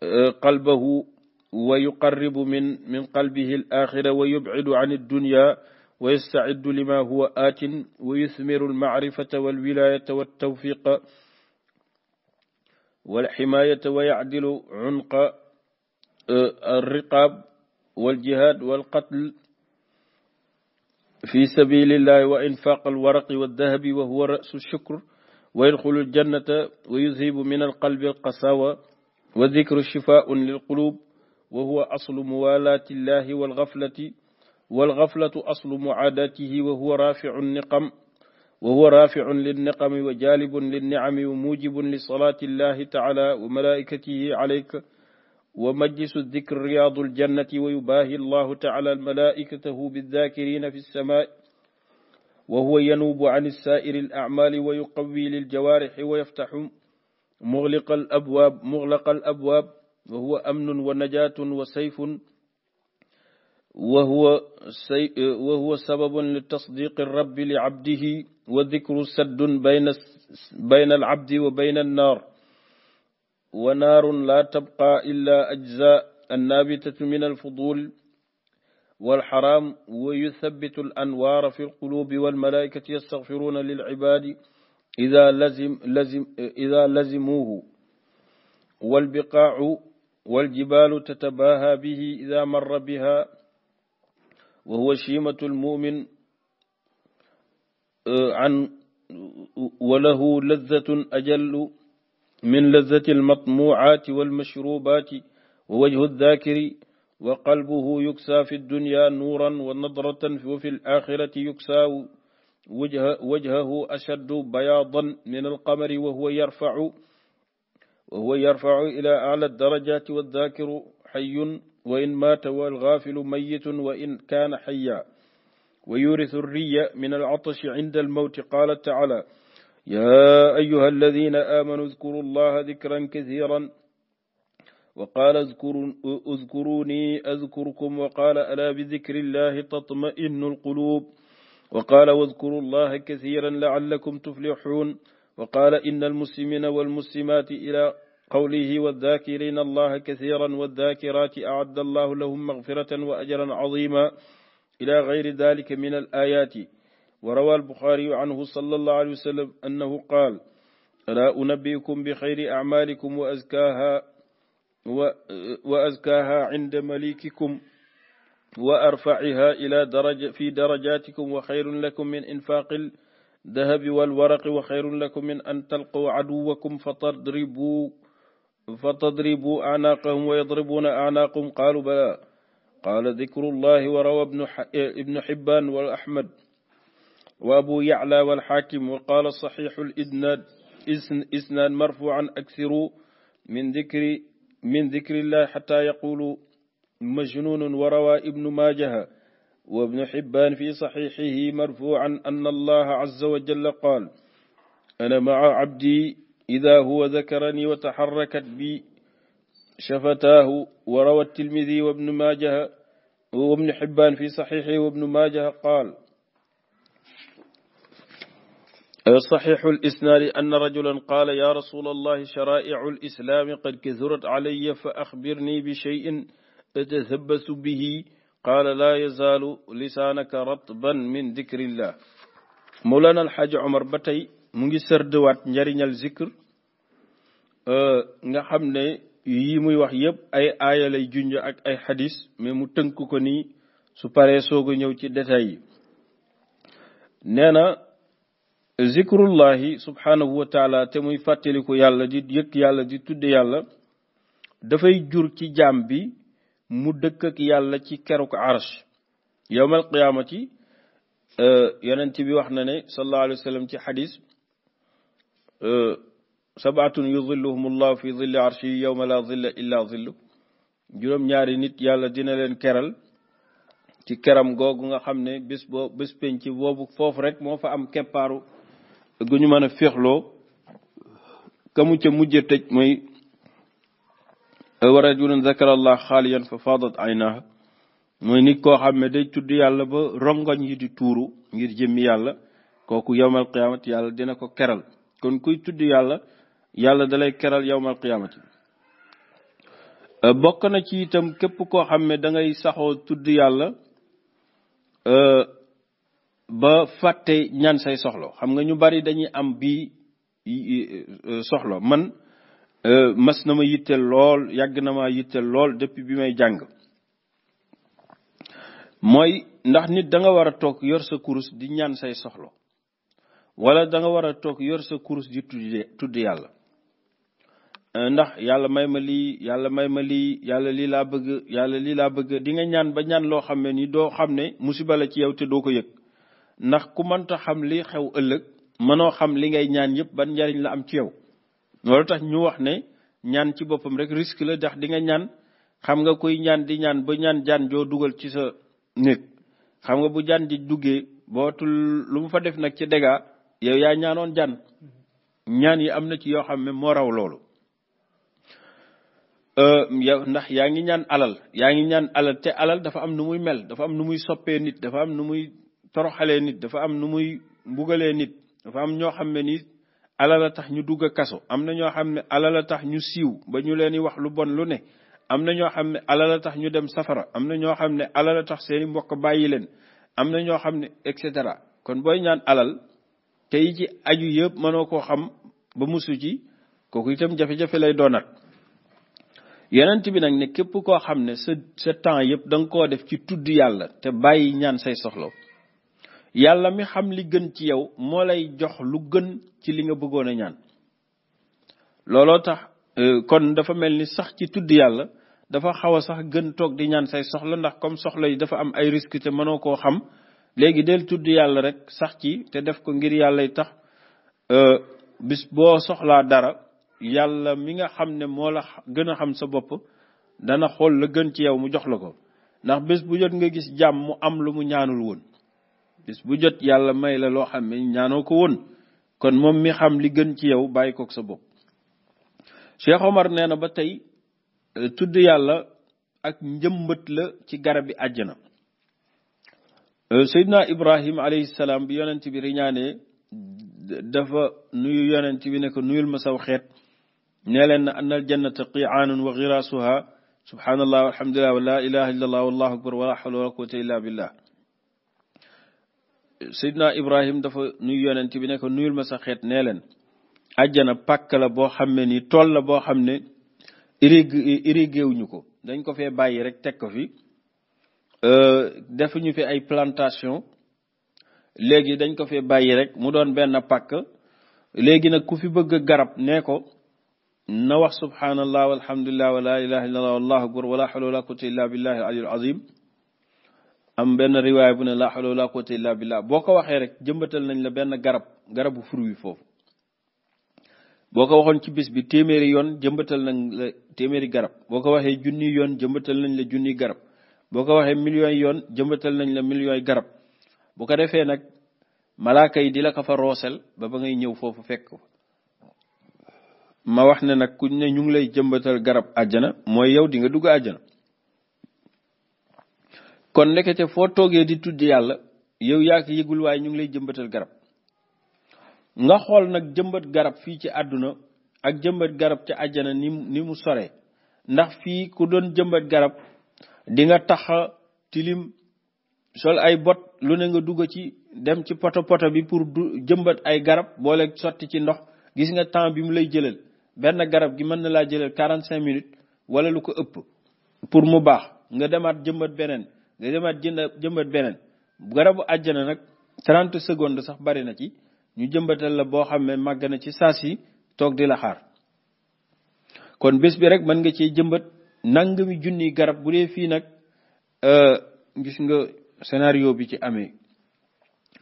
S1: eh, qalbahu wa yuqarribu min min qalbihi alaxira wa yubcidu an aldunya wa yastaciddu lima huwa aatin wa yuthmiru almacrifata walwilayata waltawfiqa walximaayata wa yacdilu cunqa eh, alriqaab wal jihaad wal qatl fi sabilillahi wa infaaq alwaraqi waldahabi wa huwa rasu shukr wa yadxulu aljannata wa yuzhibu min alqalbi alqasawa wa dikru shifaun lilqulub wa huwa aslu muwalaati illahi walgaflati walgaflatu aslu muaadatihi wa huwa rafiun niqam wa huwa rafiun linniqami wa jalibun linnicami wa mujibun lisalaati illahi taala wa malaikatihi alayka wa majlisu dikr riyaadul jannati wa yubaahi allahu taala malaa'ikatahu biddaakiriina fi samaa wa huwa yanuubu an saa'iri al a'maali wa yuqawwi lil jawaarixi wa yaftaxu muxliqa al abwaab muxlaqa al abwaab wa huwa amnun wa najaatun wa sayfun wa huwa say wa huwa sababun li tasdiiqi rabbi li abdihi wa dikru saddun bayna bayna al abdi wa bayna an naar wa naarun laa tabqa illa ajza annabitatu min alfudul walxaram wa yuthabitu alanwaara fi lqulubi walmalaikati yastaxfiruuna lilcibaadi ida lazim lazim ida lazimuuhu walbiqaacu waljibalu tatabaaha bihi ida marra biha wa huwa shiimatu almumin an wa lahu lazzatun ajallu min lazati almatmuaati walmashrubaati wa wajhu aldakiri wa qalbuhu yuksaa fi dunya nuuran wa nadratan wa fi alaxirati yuksaa wajhahu ashaddu bayaadan min alqamari wa huwa yarfacu wa huwa yarfacu ila aala aldarajati waldakiru xayun wa in maata walgaafilu mayitun wa in kaana xaya wa yurisu riya min alatashi inda almawti qaala taala يا أيها الذين آمنوا اذكروا الله ذكرا كثيرا وقال اذكروا اذكروني أذكركم وقال ألا بذكر الله تطمئن القلوب وقال واذكروا الله كثيرا لعلكم تفلحون وقال إن المسلمين والمسلمات إلى قوله والذاكرين الله كثيرا والذاكرات أعد الله لهم مغفرة وأجرا عظيما إلى غير ذلك من الآيات wa rawa albuxaariyu anhu sallallahu alayhi wa sallam annahu qaal alaa unabbi'ukum bi xayri a'maalikum wa azkaahaa wa azkaahaa 'inda malikikum wa arfa'ihaa ilaa daraja fi darajaatikum wa xayrun lakum min infaaqil dahabi wal waraqi wa xayrun lakum min an talqaw aduwwakum fatadribuu fatadribuu a'naaqahum wa yadribuuna a'naaqahum qaaluu balaa qaala dikrullaahi wa rawaa ibnu Hibbaan wa Ahmad wa abu ya'la wal hakim wa qala sahihul isnad isnad marfu'an aksiru min dhikri min dhikrillah hatta yaqulu majnunun wa rawa ibnu majaha wa ibnu hibban fi sahihihi marfu'an anna allaha azza wa jalla qala ana ma'a abdi idha huwa dhakarani wa taharrakat bi شفتاه وروى الترمذي وابن ماجه وابن حبان في صحيحه وابن ماجه قال صحيح الإسناد أن رجلا قال يا رسول الله شرائع الإسلام قد كثرت علي فأخبرني بشيء أتثبس به قال لا يزال لسانك رطبا من mu ngi sërdewaat njariñal zikr xam ne yi muy wax yëpp ay aaya lay junj ak mais mu tënk ko nii su paree soog a ñëw ci détails yi zikrullahi subhanahu wa taala te muy fàttaliku yàlla di yëg yàlla di tudd yàlla dafay jur ci jaam bi mu dëkk ak yàlla ci keruk arsh yowmal qiyaamati euh, yonent bi wax na ne sallallahu alayhi wa sallam ci xadis euh, sabaatun yudilluhum llahu fi dilli arshi yowma la dilla illa dillu juróom-ñaari nit yàlla dina leen keral ci keram googu nga xam ne bés boo bés penc boobu foofu rek moo fa am keppaaru gu ñu mën a féexloo kamu ca mujj tëj mooy wa rajulun zakara allah xaaliyan fa faadat aynaha mooy nit koo xam ne day tudd yàlla ba rongoñ yi di tuuru ngir jëmmi yàlla kooku yowmal qiyaamati yàlla dina ko keral kon kuy tudd yàlla yàlla dalay keral yowmal qiyaamati bokk na ci itam képp koo xam ne da saxoo tudd yàlla ba fàtte ñaan say soxla xam nga ñu bari dañuy am bii euh, soxla man euh, mas na ma yitteel lool yàgg na ma yitteel lool depuis bi may jàng mooy ndax nit danga war a toog yor sa kurus di ñaan say soxla wala danga war a toog yor sa kurus di tudd yàlla euh, ndax yàlla may ma lii yàlla may ma lii yàlla lii laa bëgg yàlla lii laa bëgg di nga ñaan ba ñaan loo xam ne ni doo xam ne musiba la ci yow te doo ko yëg ndax ku mënta xam li xew ëllëg mënoo xam li ngay ñaan yëpp ban njariñ la am ci yow loolu tax ñu wax ne ñaan ci boppam rek risk la ndax di nga ñaan xam nga kuy ñaan di ñaan ba ñaan jaan joo dugal ci sa xam nga bu jaan di duggee bootul lu mu fa def nag ci dégâts yow yaa ñaanoon jaan ñaan yi am na ci yoo xam ne moo raw loolu euh, yow ndax yaa ngi ñaan alal yaa ngi ñaan alal te alal dafa am nu muy mel dafa am nu muy soppee nit dafa am nu muy toroxalee nit dafa am nu muy mbugalee nit dafa am ñoo xam ne ni alal a tax ñu dugg a kasu am na ñoo xam ne alal a tax ñu siiw ba ñu leen di wax lu bon lu ne am na ñoo xam ne alal tax ñu dem safara am na ñoo xam ne alal a tax seeni mbokk bàyyi leen am na ñoo xam ne et cetera kon booy ñaan alal te yi ci aju yëpp mënoo koo xam ba musu ci kooku itam jafe-jafe lay doonat yeneen bi nag ne képp koo xam ne sa temps yëpp danga nga koo def ci tudd yàlla te bàyyi ñaan say soxla yàlla mi xam li gën ci yow moo lay jox lu gën ci li nga bëggoon a ñaan looloo tax euh, kon dafa mel ni sax ci tudd yàlla dafa xaw a sax gën toog di ñaan say soxla ndax comme soxla yi dafa am ay risque te mënoo koo xam léegi del tudd yàlla rek sax ci te def ko ngir yàllay tax euh, bis boo soxlaa dara yàlla mi nga xam ne moo la gën a xam sa bopp dana xool la gën ci yow mu jox la ko ndax bés bu jot nga gis jàmm mu am lu mu ñaanul woon bis bu jot yàlla may la loo xam ne ñaanoo ko woon kon moom mi xam li gën ci yow bàyyi kook sa bopp Cheikh Omar nee na ba tey eh, tudd yàlla ak njëmbët la ci garab bi àjjana eh, Seydina Ibrahim alayhi salaam bi yonent bi riñaane dafa nuyu yonent bi ne ko nuyul ma saw xeet nee leen na annal jannata qi'aanun wa giraasuha subhaanallah walhamdulillah wa la ilaha illa allah wallahu akbar wala hawla wala quwwata illa billah Seydina Ibrahim dafa nuyu yonent bi ne ko nuyul ma sa xeet nee leen àjjana pàkk la boo xam ne ni tool la boo xam ne irriguéwuñu ko dañ ko fee bàyyi rek teg ko fi euh, defuñu fi ay plantation léegi dañ ko fee bàyyi rek mu doon benn pàkk léegi nag ku fi bëgg garab ne ko na wax subhanallah walhamdulillah wala ilaha illallah wallahu akbar wala hawla wala quwwata illa billahi al aliyyil azim am benn riwaay bu ne laa hawla wala quwwata illa billah boo ko waxee rek jëmbatal nañ la benn garab garabu fur foofu boo ko waxoon ci bis bi téeméeri yoon jëmbatal nañ la téeméeri garab boo ko waxee junni yoon jëmbatal nañ la junni garab boo ko waxee millions yoon jëmbatal nañ la millions garab bu ko defee nag malaaka yi di la ko fa roosel ba ba ngay ñëw foofu fekk ma wax ne nag kuñ ne ñu ngi lay jëmbatal garab àjjana mooy yow di nga dugg àjjana kon ndekete foo toogee di tudd yàlla yow yaa ko yëgul waaye ñu ngi lay jëmbatal garab nga xool nag jëmbat garab fii ci àdduna ak jëmbat garab ci àjjana ni ni mu sore ndax fii ku doon jëmbat garab di nga taxa tilim sol ay bot lu ne nga dugg ci dem ci poto poto bi pour du jëmbat ay garab boole sotti ci ndox gis nga temps bi mu lay jëlal benn garab gi mën na laa jëlal quarante cinq minutes wala lu ko ëpp pour mu baax nga demaat jëmbat beneen nga demaat jënd jëmbat beneen garabu àjjana nag 30 secondes sax bari na ci ñu jëmbatal la boo xam ne màgg na ci saa si toog di la xaar kon bés bi rek mën nga cee jëmbat nangami junni garab bu dee fii nag euh, gis nga scénario bi ci amee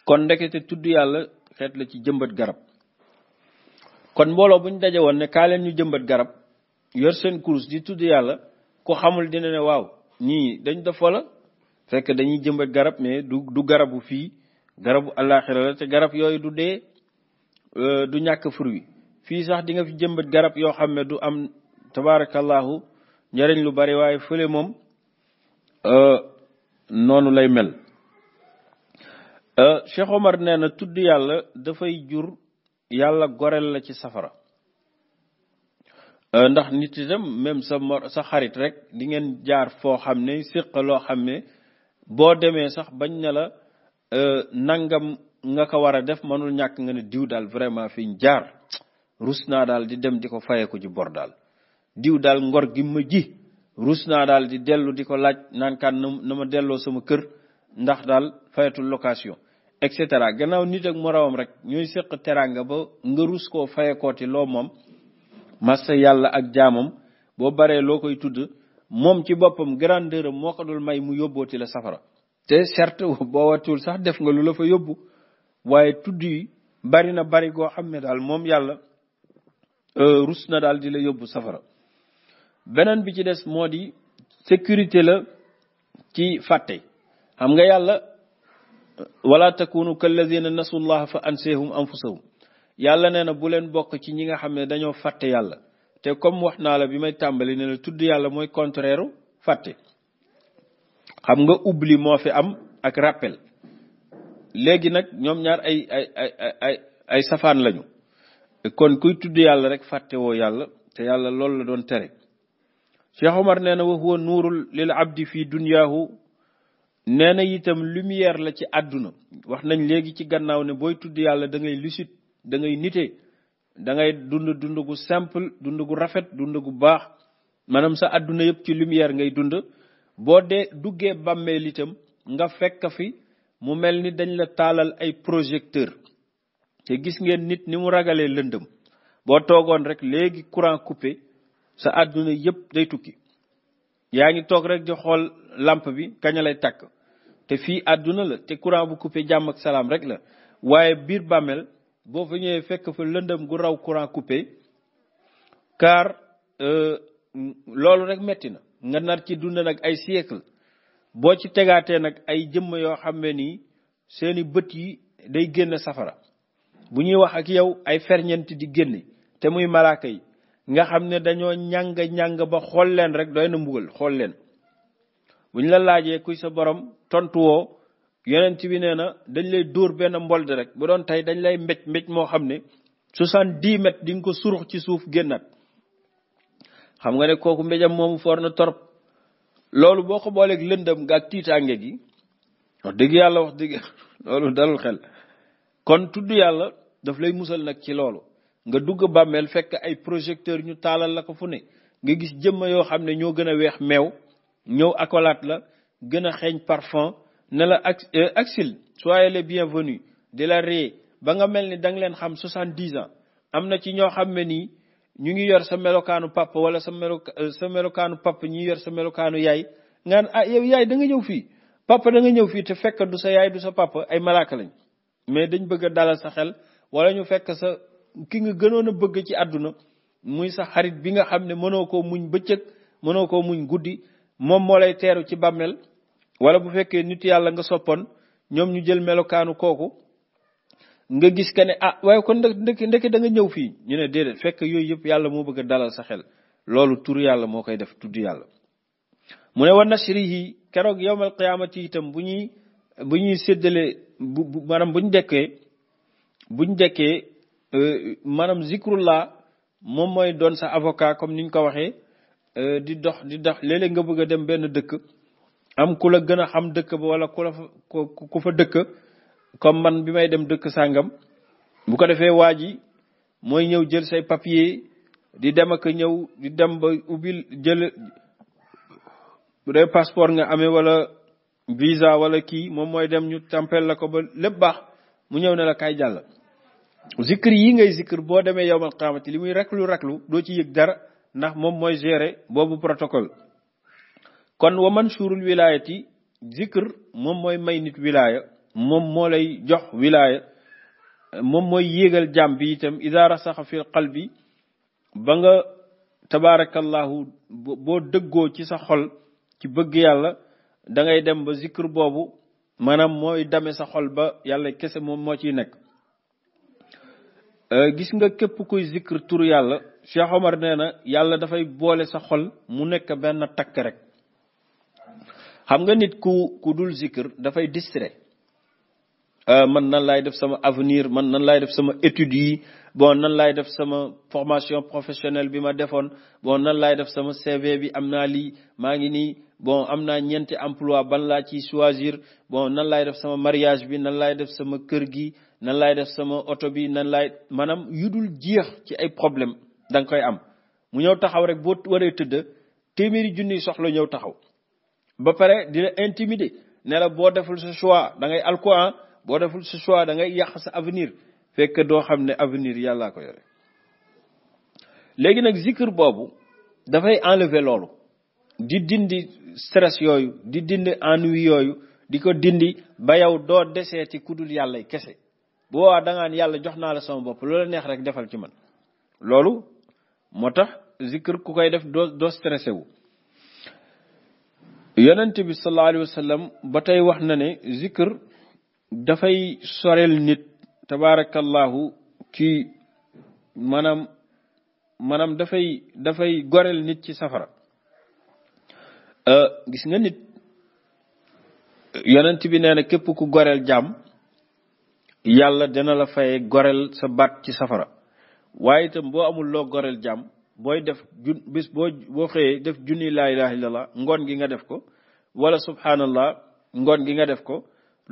S1: kon ndekete tudd yàlla xeet la ci jëmbat garab kon mbooloo bu ñu daje woon ne kaa leen ñu jëmbat garab yor seen course di tudd yàlla ko xamul dina ne waaw ñii dañ def wala fekk dañuy jëmbat garab mais du garabu fii garabu àllaaxira te garab yooyu du dee euh, du ñàkk fruit fii sax dinga fi jëmbat garab yoo xam ne du am tabaarakallaahu njariñ lu bari waaye fële moom euh, noonu lay mel euh, Cheikh Omar nee na tudd yàlla dafay jur yàlla goreel la ci safara ndax nit itam même sa xarit rek di ngeen jaar foo xam ne séq loo xam ne boo demee sax bañ na la euh, nangam nga ko war a def mënul ñàkk nga ne diw daal vraiment fi ñu jaar rus naa daal di dem di ko fayeku ji bor daal diw daal ngor gi ma ji rus naa daal di dellu di ko laaj naan kaan na ma delloo sama kër ndax daal fayatul location et cetera gannaaw nit ak moroomam rek ñuy séq teraanga ba nga rus koo fayekooti loo moom massa yàlla ak jaamam boo baree loo koy tudd moom ci boppam grandeur moo ko dul may mu yóbbooti la safara te certes boo watul sax def nga lu la fa yóbbu waaye tudd yi bari na bari goo xam ne daal moom yàlla euh, rus na daal di la yóbbu safara beneen bi ci des moo di sécurité la ci fàtte xam nga yàlla wala takunu kallazina nasu llaha fa ansehum anfusahum yàlla nee na bu leen bokk ci ñi nga xam ne dañoo fàtte yàlla te comme wax naa la bi may tàmbali ne la tudd yàlla mooy contraire fàtte xam nga oubli moo fi am ak rappel léegi nag ñoom ñaar ay ay ay safaan lañu kon kuy tudd yàlla rek fàtte woo yàlla te yàlla loolu la doon tere Cheikh Omar nee na wa huwa nuurul lil abdi fii duniyaahu nee na itam lumière la ci àdduna wax nañ léegi ci gannaaw ne booy tudd yàlla dangay ngay lucide nite da ngay dund dund gu simple dund gu rafet dund gu baax maanaam sa àdduna yëpp ci lumière ngay dund boo dee duggee bàmmeel itam nga fekk fi mu mel ni dañ la taalal ay projecteur te gis ngeen nit ni mu ragalee lëndëm boo toogoon rek léegi courant coupé sa àdduna yëpp day tukki yaa ngi toog rek di xool lampe bi kañ lay tàkk te fii àdduna la te courant bu coupé jàmm ak salaam rek la waaye biir bàmmeel boo fa ñëwee fekk fa lëndëm gu raw courant coupé car euh, loolu rek metti na nga nar ci dund nag ay siècle boo ci tegaatee nag ay jëmm yoo xam ne nii seeni bët yi day génn safara bu ñuy wax ak yow ay ferñent di génne te muy malaaka yi nga xam ne dañoo ñàng ñàng ba xool leen rek doy na mbugal xool leen bu ñu la kuy sa borom tontu yeneen ti bi nee na dañ lay dóor benn mbold rek bu doon tey dañ lay mbéj mbéj moo xam ne soixante-dix mètres di nga ko surux ci suuf génn génnaat xam nga ne kooku mbejam moomu foor na torop loolu boo ko booleeg lëndëm nga ak tiitaange gi wax dëgg yàlla wax dëgg <laughs> loolu dalul xel kon tudd yàlla daf lay musal nag ci loolu nga dugg bàmmeel fekk ay projecteur ñu taalal la ko fu ne nga gis jëmm yoo xam ne ñoo gën a weex meew ñëw akolaat la gën a xeeñ parfum ne la euh, axil soyez les bienvenus di la ree ba nga mel ni da leen xam soixante-dix ans am na ci ñoo xam ne nii ñu ngi yor sa melokaanu papa wala sa melo euh, sa melokaanu papa ñi yor sa melokaanu yaay nga ne ah yaay da nga ñëw fii papa da nga ñëw fii te fekk du sa yaay du sa papa ay malaaka lañ mais dañ bëgg a dalal sa xel wala ñu fekk sa ki nga gënoon a bëgg ci àdduna muy sa xarit bi nga xam ne mënoo ko muñ bëccëg mënoo ko muñ guddi moom moo lay teeru ci bàmmeel wala bu fekkee nit yàlla nga soppoon ñoom ñu jël melokaanu kooku nga gis ka ne ah waaye kon ndeke ndeke da nga ñëw fii ñu ne déedéet fekk yooyu yëpp yàlla moo bëgg a dalal sa xel loolu tur yàlla moo koy def tudd yàlla mu ne wa nashrihi keroog yowmal qiyaamati itam bu ñuy bu ñuy séddale bu maanaam buñ dekkee buñ dekkee euh, maanaam zikrullah moom mooy doon sa avocat comme niñ ko waxee euh, di dox di dox léeg nga bëgg a dem benn dëkk am ku la gën a xam dëkk ba wala ku la fa ku fa dëkk comme man bi may dem dëkk sàngam bu ko defee waa ji mooy ñëw jël say papier di dem ak ñëw di dem ba ubbil jël bu dee passeport nga amee wala visa wala kii moom mooy dem ñu tampel la ko ba lépp baax mu ñëw ne la kaay jàll zikr yi ngay zikr boo demee yowmal qiyaamati li muy raklu raklu doo ci yëg dara ndax moom mooy gérer boobu protocole kon wa manshurul wilaayati zikr moom mooy may nit wilaaya moom moo lay jox wilaaya moom mooy yéegal jàmm bi itam ida rasaxa fi qalbi ba nga tabaarakallahu boo dëggoo ci sa xol ci bëgg yàlla dangay dem ba zikr boobu maanaam mooy dame sa xol ba yàlla kese moom moo ciy nekk euh, gis nga képp kuy zikr tur yàlla Cheikh Omar nee na yàlla dafay boole sa xol mu nekk benn takk rek xam nga nit ku ku dul zikr dafay distrait euh, man nan laay def sama avenir man nan laay def sama étude yi bon nan laay def sama formation professionnelle bi ma defoon bon nan laay def sama CV bi am naa lii maa ngi nii bon am naa ñeenti emploi ban laa ci choisir bon nan laay def sama mariage bi nan laay def sama kër gi nan laay def sama oto bi nan laay maanaam yu dul jeex ci ay problème danga koy am mu ñëw taxaw rek boo waree tëdd téeméeri junni soxla ñëw taxaw ba pare di la nelaw boo deful sa choix da ngay alcoan boo deful sa choix da ngay yàq sa avenir fekk doo xam ne avenir yàllaa ko yore léegi nag zikr boobu dafay enlever loolu di dindi stress yooyu di dindi ennui yooyu di ko dindi ba yow doo deseeti ku dul yàlla kese bu boobaa da ngaan yàlla jox naa la sama bopp loola neex rek defal ci man loolu moo tax zikr ku koy def doo doo stressé wu yonent bi sallallahu alayhi wa ba tey wax na ne zikr dafay sorel nit tabaarakallahu ci maanaam maanaam dafay dafay gorel nit ci safara euh, gis nga nit yonent bi nee na képp ku gorel jàmm yàlla dina la fay gorel sa baat ci safara waaye itam boo amul loo gorel jàmm booy def jun bis boo boo xëyee def junni laa ilaha illallah ngoon gi nga def ko wala subhanallah ngoon gi nga def ko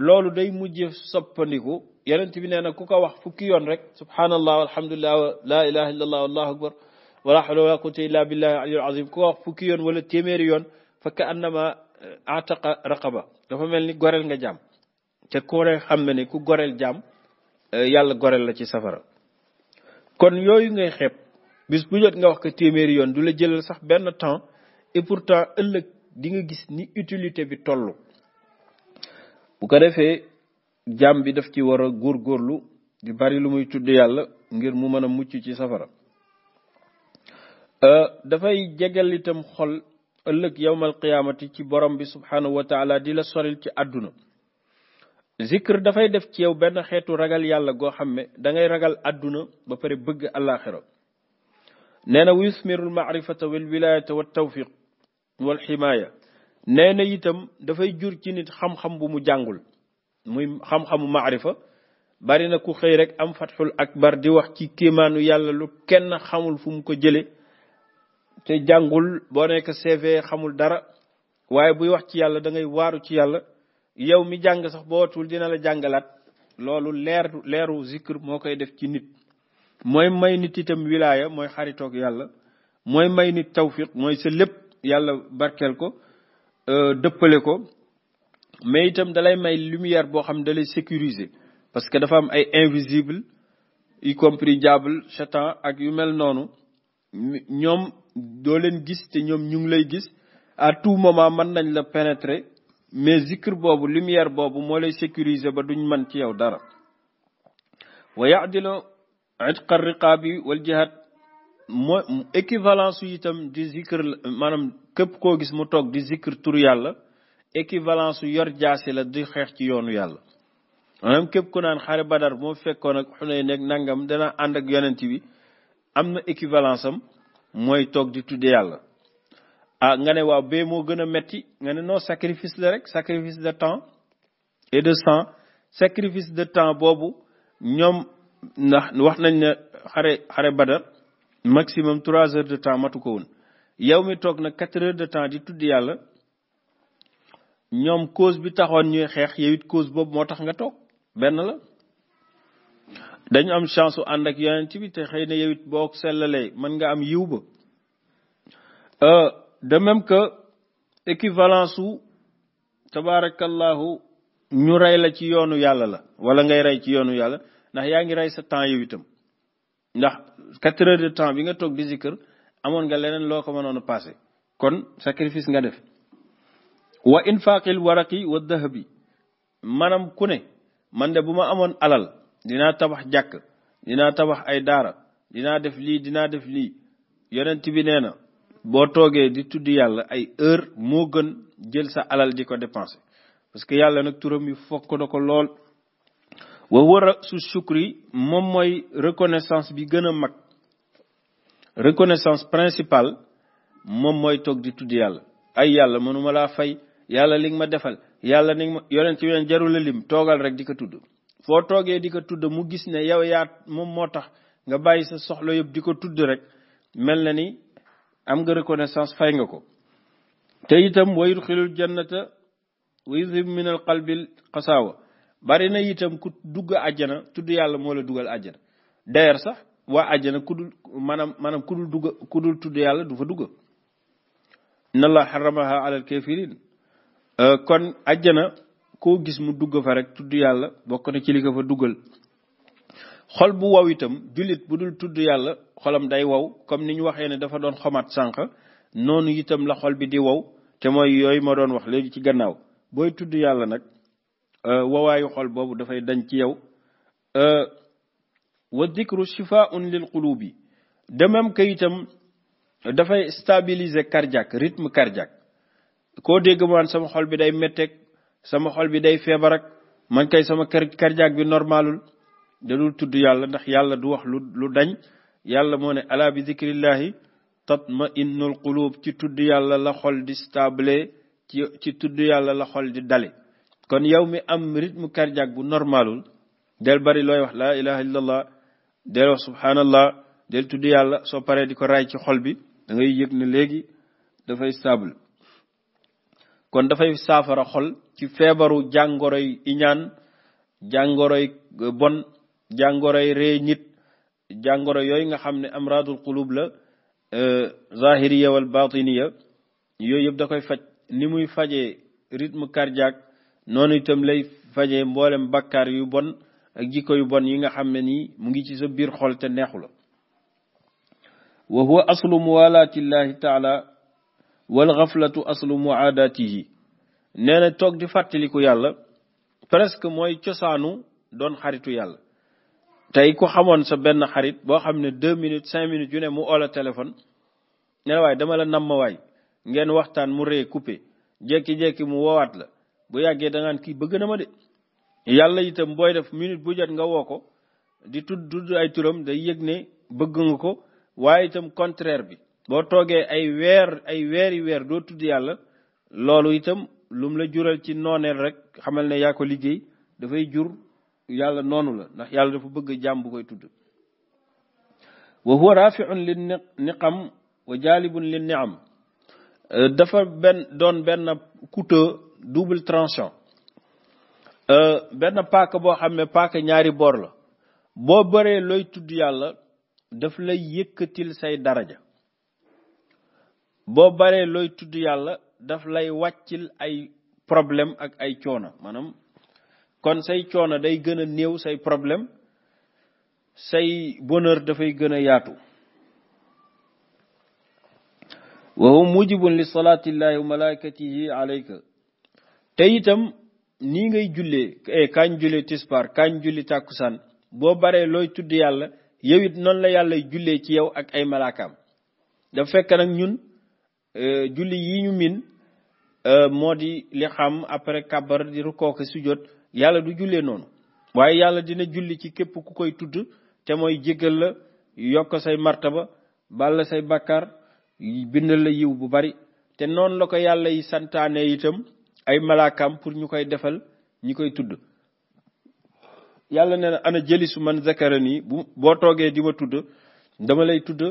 S1: loolu day mujj soppandiku yonent bi nee na ku ko wax fukki yoon rek subhanallah alhamdulilah laa ilaha illallah wallahu akbar wala hawla wala quwwata illa billahi aliyul azim ku ko wax fukki yoon wala téeméeri yoon fa ka annama eh, ataqa raqaba dafa mel ni goreel nga jaam te ku ne xam na ne ku goreel jaam eh, yàlla goreel la ci safara kon yooyu ngay xeeb bis bu jot nga wax ko téeméeri yoon du la jëlal sax benn temps et pourtant ëllëg di nga gis ni utilité bi toll bu ko defee jaam bi daf ci war góor góorlu di bari lu muy tudd yàlla ngir mu mën a mucc ci safara euh, dafay jegal itam xol ëllëg yowmal qiyaamati ci borom bi subhanahu wa taala di la soril ci àdduna zikr dafay def ci yow benn xeetu ragal yàlla goo xam ne da ragal àdduna ba pare bëgg àllaaxira nee na wa yusmiru almaarifata wal wilayata wa tawfiq wal ximaaya nee na itam dafay jur ci nit xam-xam bu mu jàngul muy xam-xamu maarifa bari na ku xëy rek am fatxul akbar di wax ci kéemaanu yàlla lu kenn xamul fu mu ko jële te jàngul boo nekk CV xamul dara waaye buy wax ci yàlla da ngay waaru ci yàlla yow mi jàng sax bootul dina la jàngalaat loolu leer leeru zikr moo koy def ci nit mooy may nit itam wilaaya mooy xaritoog yàlla mooy may nit tawfiq mooy sa lépp yàlla barkeel ko euh, dëppale ko mais itam dalay may lumière boo xam ne dalay sécuriser parce que dafa am ay invisible y compris diable satan ak yu mel noonu ñoom doo leen gis te ñoom ñu ngi lay gis à tout moment man nañ la pénétrer mais zikr boobu lumière boobu moo lay sécuriser ba duñ mën ci yow dara wa ya'dilu itqa riqaabi wal jihaad mooy équivalence yi itam di zikr képp koo gis mu toog di zikr tur yàlla équivalence yor jaasi la di xeex ci yoonu yàlla maanaam képp ku naan xare badar moo fekkoon ak xunay nekk nangam dana ànd ak yonent bi am na équivalence am mooy toog di tudde yàlla ah nga ne waaw bee moo gën a metti nga ne non sacrifice la rek sacrifice de temps et de sang sacrifice de temps boobu ñoom ndax wax nañ ne xare xare badar maximum trois heures de temps matu ko woon yow mi toog nag quatre heures de temps di tudd yàlla ñoom cause bi taxoon ñuy xeex yow it cause boobu moo tax nga toog benn la dañu am chance su ànd ak yonent bi te xëy na yow it boo sellalee man nga am yiw ba euh, de même que équivalence su tabaarakallahu ñu rey la ci yoonu yàlla la wala ngay rey ci yoonu yàlla ndax yaa ngi rey sa temps yow itam ndax quatre heures de temps bi nga toog di kër amoon nga leneen loo ko mënoon a passé kon sacrifice nga def wa infaqil waraki wa dahabi maanaam ku ne man de bu ma amoon alal dinaa tabax jàkk dinaa tabax ay daara dinaa def lii dinaa def lii yonent bi nee na boo toogee di tudd yàlla ay heure moo gën jël sa alal di ko dépensé parce que yàlla nag turam yi fokk na ko lool war a su sukri moom mooy reconnaissance bi gën a mag reconnaissance principal moom mooy toog di tudd yàlla ay yàlla mënuma laa fay yàlla li ma defal yàlla ni ma yonent bi jarul a lim toogal rek di ko tudd foo toogee di ko tudd mu gis ne yow yaat moom moo tax nga bàyyi sa soxla yëpp di ko tudd rek mel na ni am nga reconnaissance fay nga ko te itam wa yudxilul jannata wa yudhib min al qalbil xasaawa bari na itam ku dugg àjjana tudd yàlla moo la dugal àjjana d'ailleurs sax waa àjjana ku dul maanaam maanaam ku dul dugg ku dul tudd yàlla du fa dugg inna allah haramaha alal kafirin euh, kon àjjana koo gis mu dugg fa rek tudd yàlla bokk na ci li ko fa duggal xol bu wow itam jullit bu dul tudd yàlla xolam day wow comme ni ñu waxee ne dafa doon xomaat sànq noonu itam la xol bi di wow te mooy yooyu ma doon wax léegi ci gannaaw booy tudd yàlla nag Euh, wawaayu xol boobu dafay dañ ci yow euh, wa dikru shifaun lil qulubi de même que dafay stabiliser cardiaque rythme cardiaque koo dégg maan sama xol bi day metteeg sama xol bi day feebar ak man kay sama cardiaque bi normalul dadul tudd yàlla ndax yàlla du wax lu lu dañ yàlla moo ne ala bi zikrillahi tatma innul qulub ci tudd yàlla la xol di stable ci ci tudd yàlla la xol di dale kon yow mi am rythme cardiaque bu normalul del bari looy wax laa ilaha illallah del wax subhanallah del tudd yàlla soo paree di ko raay ci xol bi dangay ngay yëg ne léegi dafay stable kon dafay saafara xol ci feebaru jàngoroy iñaan jàngoroy bon jàngoroy ree nit jàngoro yooyu nga xam ne amradul qulub la euh, zahiriya wal batiniya yooyu yëpp da koy faj ni muy fajee rythme cardiaque noonu itam lay fajee mboolem bakkaar yu bon ak jikko yu bon yi nga xam ne nii mu ngi ci sa biir xool te neexu la wa huwa aslu muwalaati llahi taala wal xaflatu aslu muaadatihi nee na toog fàttaliku yàlla presque mooy cosaanu doon xaritu yàlla tey ku xamoon sa benn xarit boo xam ne deux minutes cinq minutes mu oola téléphone ne la waaye dama la namm waay ngeen waxtaan mu ree coupé jékki-jékki mu woowaat la bu yàggee da kii bëgg na ma de yàlla itam booy def minute bu jot nga woo ko di tudd tudd ay turam day yëg ne bëgg nga ko waaye itam contraire bi boo toogee ay weer ay weeri weer doo tudd yàlla loolu itam lum la jural ci nooneel rek xamal ne yaa ko liggéey dafay jur yàlla noonu la ndax yàlla dafa bëgg jàmm bu koy tudd wa huwa rafiun li niqam wa jaalibun li niam dafa benn doon benn kutoo double tranchant euh, benn paaka boo xam ne paaka ñaari boor la boo baree looy tudd yàlla daf lay yëkkatil say daraja boo baree looy tudd yàlla daf lay wàccil ay problème ak ay coono maanaam kon say coono day gën a néew say problème say bonheur dafay gën a yaatu wa huwa mujibun li salaatillahi wa te itam nii ngay jullee eh, kaañ julli tisbaar kaañ julli tàkkusaan boo baree looy tudd yàlla yow it noonu la yàlla jullee ci yow ak ay malaakaam dafa fekk nag ñun eh, julli yi ñu min eh, moo di li xam après kabar di rukkooke sujjóot yàlla du jullee noonu waaye yàlla dina julli ci képp ku koy tudd te mooy jéggal la yokk say martaba balla say bakkar bindal la yiw bu bari te noonu la ko yàlla yi santaane itam ay malaakaam pour ñu koy defal ñi koy tudd yàlla ne na ana jëlisu man zakarani bu boo toogee di ma tudd dama lay tudd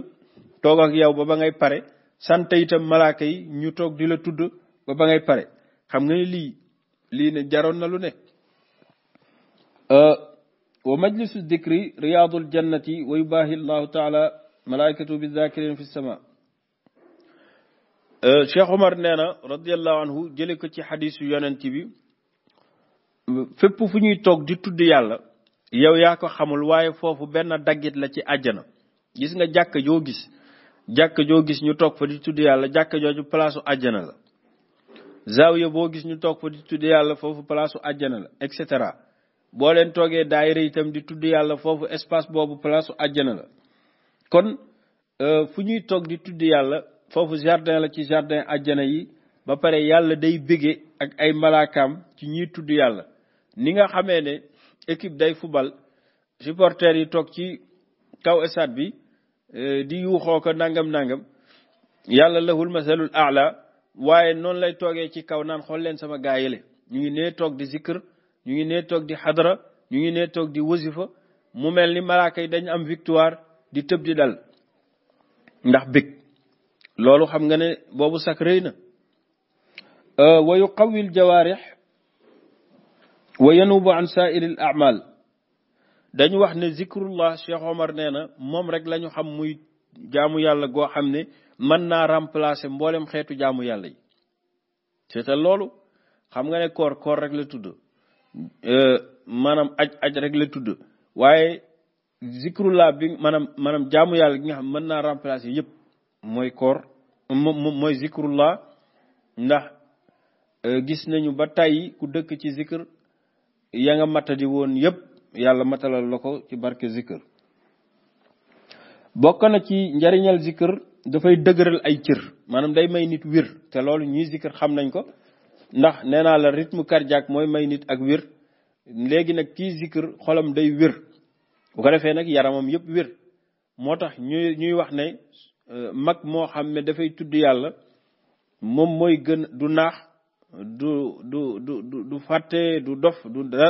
S1: toog ak yow ba ba ngay pare sant itam malaaka yi ñu toog di la tudd ba ba ngay pare xam nga ni lii lii ne jaroon na lu ne wa majlisu dikri riyaadul jannati wa yubaahi allahu taala malaikatu bi zakirin fi sama Euh, Cheikh Omar nee na radiallahu anhu jële ko ci xadiisu yonent bi fépp fu ñuy toog di tudd yàlla yow yaa ko xamul waaye foofu benn daggit la ci àjjana gis nga jàkka joo gis jàkka joo gis ñu toog fa di tudd yàlla jàkka jooju palaasu àjjana la zaawiya boo gis ñu toog fa tudd yàlla foofu palaasu àjjana la et cetera boo leen toogee daayira itam di tudd yàlla foofu espace boobu palaasu àjjana la kon euh, fu ñuy toog di tudd yàlla foofu jardin la ci jardin àjjana yi ba pare yàlla day bége ak ay malaakaam ci ñiy tudd yàlla ni nga xamee ne équipe day fubal supporters yi toog ci kaw stade bi euh, di yuuxoo ko nangam nangam yàlla lahul masalul ala waaye noonu lay toogee ci kaw naan xool leen sama gaayale ñu ngi nee toog di zikr ñu ngi nee toog di xadara ñu ngi nee toog di wasifa mu mel ni malaaka yi dañ am victoire di tëb di dal ndax bég loolu xam nga ne boobu sax rëy na euh, wa yuqawi aljawaarix wa yanubu an saairi al amal dañu wax ne zikrullah Cheikh Omar nee na moom rek lañu xam muy jaamu yàlla goo xam ne mën naa remplacer mboolem xeetu jaamu yàlla yi te loolu xam nga ne koor koor rek la tudd euh, maanaam aj aj rek la tudd waaye zikrullah bi maanaam maanaam jaamu yàlla gi nga xam mën naa remplacer yëpp mooy koor moom mooy zikrullah ndax euh, gis nañu ba tàyyi ku dëkk ci zikr ya nga matadi woon yépp yàlla matalal la ko ci barke zikr bokk na ci njariñal zikr dafay dëgëral ay cir maanaam day may nit wiir te loolu ñuy zikr xam nañ ko ndax nee naa la rythme cardiaque mooy may nit ak wir léegi nag kii zikr xolam day wir bu ko defee nag yaramam yépp wir moo tax ñuy ñuy wax ne Euh, mag moo xam ne dafay tudd yàlla moom mooy gën du naax du du du du fàtte du dof du dara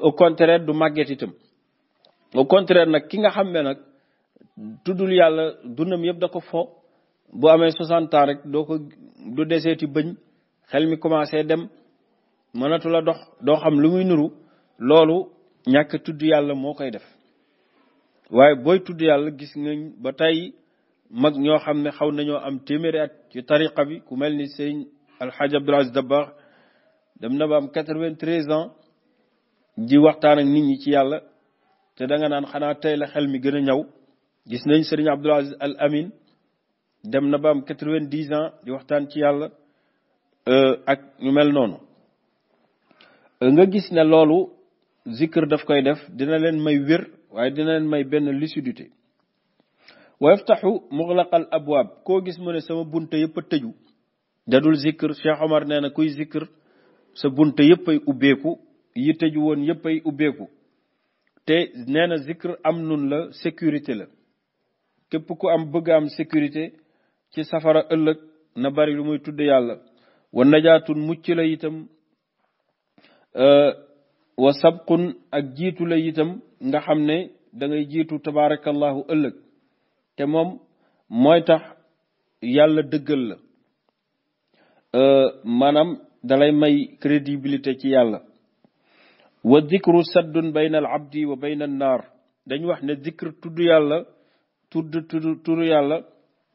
S1: au contraire du màgget itam au contraire nag ki nga xam ne nag tuddul yàlla dundam yëpp da ko fo bu amee 60 ans rek doo ko du deseeti bëñ xel mi commencé dem mënatu la dox doo xam lu muy nuru loolu ñàkk tudd yàlla moo koy def waaye booy tudd yàlla gis nga ba tey mag ñoo xam ne xaw nañoo am téeméeri at ci tariqa bi ku mel ni sëriñ alxaaj abdul aziz dabbaax dem na ba am quatre-vingt-treize ans di waxtaan ak nit ñi ci yàlla te da nga naan xanaa tey la xel mi gën a ñaw gis nañ sëriñ abdul aziz al amin dem na baam am quatre vingt ans di waxtaan ci yàlla euh, ak ñu mel noonu euh, nga gis ne loolu zikr daf koy def dina leen may wér waaye dina leen may benn lucidité wa yaftaxu muxlaqal abwaab koo gis mu ne sama bunte yëpp a tëju dadul zikr Cheikh Omar nee na kuy zikr sa bunte yëpp ay ubbeeku yi tëju woon yëpp ay ubbeeku te nee na am nun la sécurité la képp ku am bëgg am sécurité ci safara ëllëg na bari lu muy tudd yàlla wa najaatun mucc la itam euh, wa sabqun ak jiitu la itam nga xam ne dangay jiitu tabaarakallahu ëllëg te moom mooy tax yàlla dëggal la euh, maanaam dalay may crédibilité ci yàlla wa dikru saddun bayna al abdi wa bayna an naar dañ wax ne dikr tudd yàlla tudd tudd turu yàlla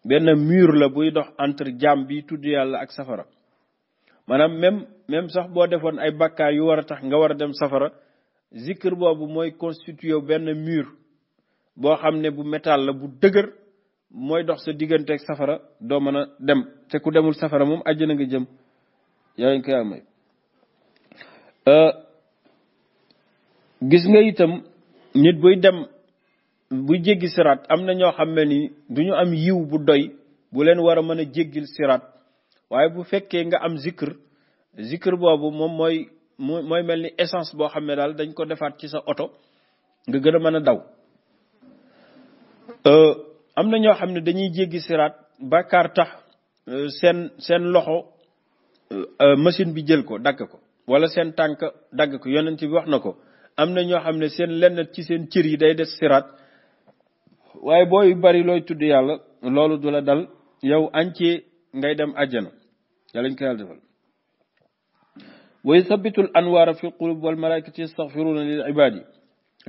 S1: benn mur la buy dox entre jaam bi tudd yàlla ak safara maanaam même même sax boo defoon ay bakkaar yu war a tax nga war a dem safara zikr boobu mooy constitué benn mur boo xam ne bu métal la bu dëgër mooy dox sa digganteeg safara doo mën a dem te ku demul safara moom àjjana nga jëm yooyu euh, gis nga itam nit buy dem buy jéggi siraat am na ñoo xam ne ni du ñu am yiw bu doy bu leen war a mën a jéggil siraat waaye bu fekkee nga am zikr zikr boobu moom mooy mooy mel ni essence boo xam ne daal dañ ko defaat ci sa oto nga gën a mën a daw am na ñoo xam ne dañuy jéggi siraat bàkkaar tax euh, seen seen loxo euh, euh, machine bi jël ko dagg ko wala seen tànk dagg ko yonent bi wax na ko am na ñoo xam ne seen lenn ci seen cir yi day des siraat waaye booy bari looy tudd yàlla loolu du la dal yow ancee ngay dem àjjana yàlla ñu ko yàlla defal wa yuthabitul anwaara fi qulub wal malaikati yastaghfiruna lil ibadi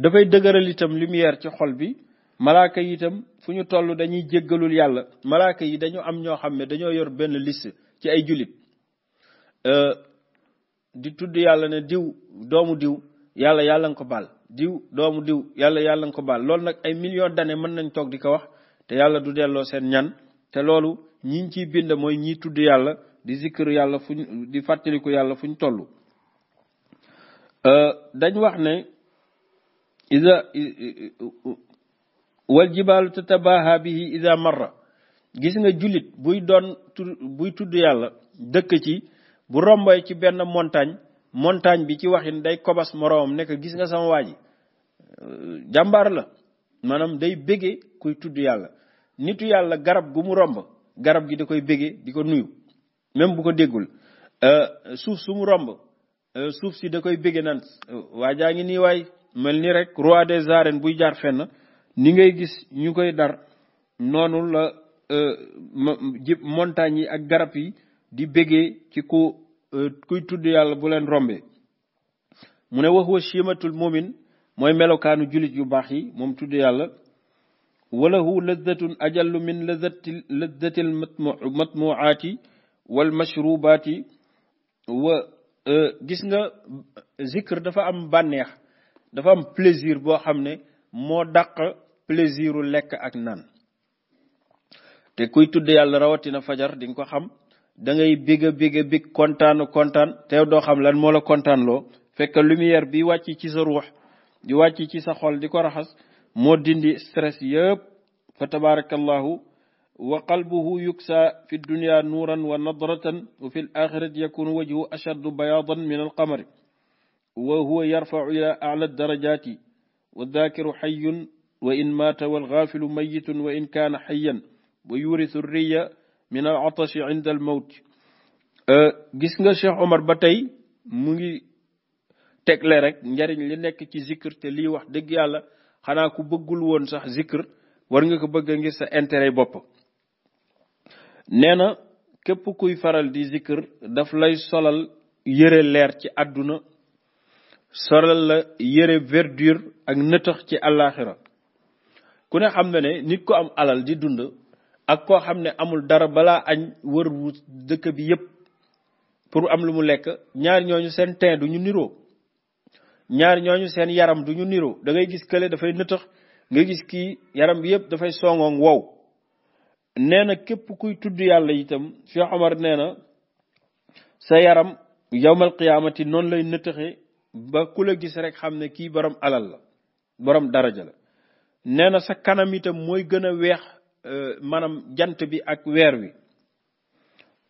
S1: dafay dëgëral itam lumière ci xol bi malaaka yi itam fu ñu toll dañuy jéggalul yàlla malaaka yi dañu am ñoo xam ne dañoo yor benn liste ci ay jullit euh, di tudd yàlla ne diw doomu diw yàlla yàlla nga ko baal diw doomu diw yàlla yàlla nga ko baal loolu nag ay millions d'années mën nañ toog di ko wax te yàlla du delloo seen ñan te loolu ñi ñu ciy bind mooy ñi tudd yàlla di zikkiru yàlla fu di fàttaliku yàlla fu ñu toll euh, dañ wax ne isa wal jibaalu tatabaaha bihi ida marra gis nga jullit buy doon buy tudd yàlla dëkk ci bu romboy ci benn montagne montagne bi ci waxin day kobas moroomam nekk gis nga sama waa ji jàmbaar la maanaam day bége kuy tudd yàlla nitu yàlla garab gu mu romb garab gi da koy bége di ko nuyu même bu ko déggul euh, suuf su mu romb euh, suuf si da koy bége nan waa jaa ngi nii waay mel ni rek roi des arènes buy jaar fenn ni ngay gis ñu koy dar noonu la euh, montagne yi ak garab yi di bégee ci ku euh, kuy tudd yàlla bu leen rombe mu ne wax wa chimatul mumin mooy melokaanu jullit yu baax yi moom tudd yàlla walla lazatun ajallu min lazati lazati l matmuaati wal mashrubaati wa euh, gis nga zikr dafa am bànneex dafa am plaisir boo xam ne moo dàq plaisiru lekk ak naan te kuy tudd yàlla rawatina fajar di ko xam dangay ngay béga béga bég kontaanu kontaan te doo xam lan moo la kontaan loo fekk lumière bi wàcc ci sa ruux di wàcc ci sa xol di ko raxas moo dindi stress yëpp fa tabarakallahu wa qalbuhu yuksa fi dunya nuuran wa nadratan wa fi alaxirati yakunu wajhu ashaddu bayaadan min alqamari wa huwa yarfacu ila ala darajati wa daakiru xayun wa in maata walgaafilu mayitun wa in kaana xayan wa yurisu riya min al atashi inda al mawt gis nga Cheikh Omar ba tey mu ngi tegle rek njariñ li nekk ci zikr te lii wax dëgg yàlla xanaa ku bëggul woon sax zikr war nga ko bëgg ngir sa intérêt bopp nee na képp kuy faral di zikr daf lay solal yëre leer ci àdduna solal la yëre verdure ak nëtëx ci àllaaxira ku ne xam na ne nit ku am alal di dund ak koo xam ne amul dara balaa añ wër wu dëkk bi yépp pour am lu mu lekk ñaar ñooñu seen teint du ñu niroo ñaar ñooñu seen yaram du ñu niroo da gis kële dafay nëtëx nga gis kii yaram bi yépp dafay songoon wow nee na képp kuy tudd yàlla itam Cheikh Omar nee na sa yaram yowmal qiyaamati noonu lay nëtëxe ba ku la gis rek xam ne kii boroom alal la boroom daraja la nee na sa kanam itam mooy gën a weex euh, maanaam jant bi ak weer wi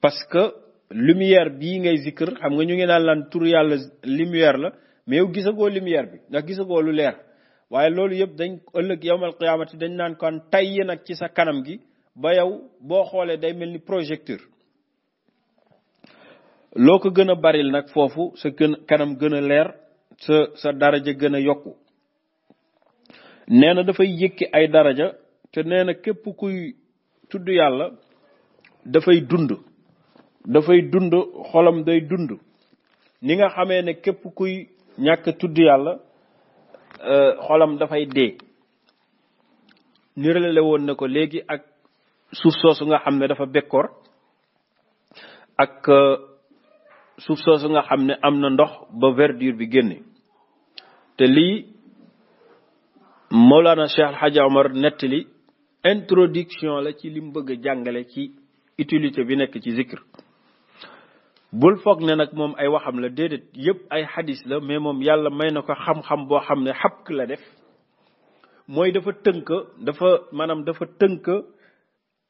S1: parce que lumière bii ngay zikr xam nga ñu ngi naan lan tur yàlla lumière la mais yow gisagoo lumière bi ndax gisagoo lu leer waaye loolu yëpp dañ ëllëg yowmal qiyaamati dañ naan kan kon tayyi nag ci sa kanam gi ba yow boo xoolee day mel ni projecteur loo ko gën a baril nag foofu sa gën kanam gën a leer sa sa daraja gën a yokku nee na dafay yëkki ay daraja te nee na képp kuy tudd yàlla dafay dund dafay dund xolam day dund ni nga xamee ne képp kuy ñàkk tudd yàlla euh, xolam dafay dee nirale woon na ko léegi ak suuf soosu nga xam ne dafa bekkoor ak euh, suuf soosu nga xam ne am na ndox ba verdure bi génne te lii Mawlana Cheikh Hadj Omar nettali introduction la ci lim bëgg a jàngale ci utilité bi nekk ci zikr bul foog na nag moom ay waxam la déedéet yëpp ay xadis la mais moom yàlla may na ko xam-xam boo xam ne xabk la def mooy dafa tënk dafa maanaam dafa tënk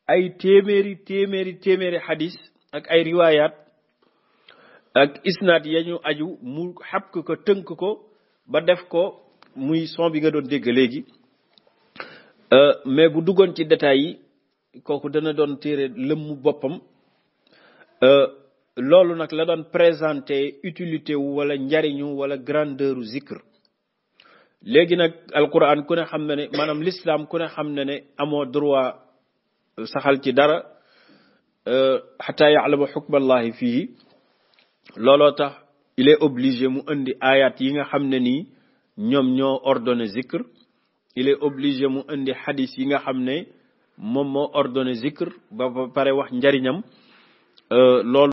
S1: ay téeméeri téeméeri téeméeri xadis ak ay riwaayaat ak isnaad ya aju mu xabk ko tënk ko ba def ko muy son bi nga doon dégg léegi euh, mais bu duggoon ci détails yi kooku dana doon téere lëmmu boppam euh, loolu nag la doon présenté utilité wu wala njariñu wala grandeur u zikr léegi nag alquran ku ne xam na ne maanaam l'islam ku ne xam na ne amoo droit saxal ci dara xataa euh, ya'lamu xukmallahi fii looloo tax il est obligé mu indi ayaat yi nga xam ne nii ñoom ñoo ordonné zikr il est obligé mu indi xadis yi nga xam ne moom moo ordonné zikr ba ba pare wax njariñam euh, loolu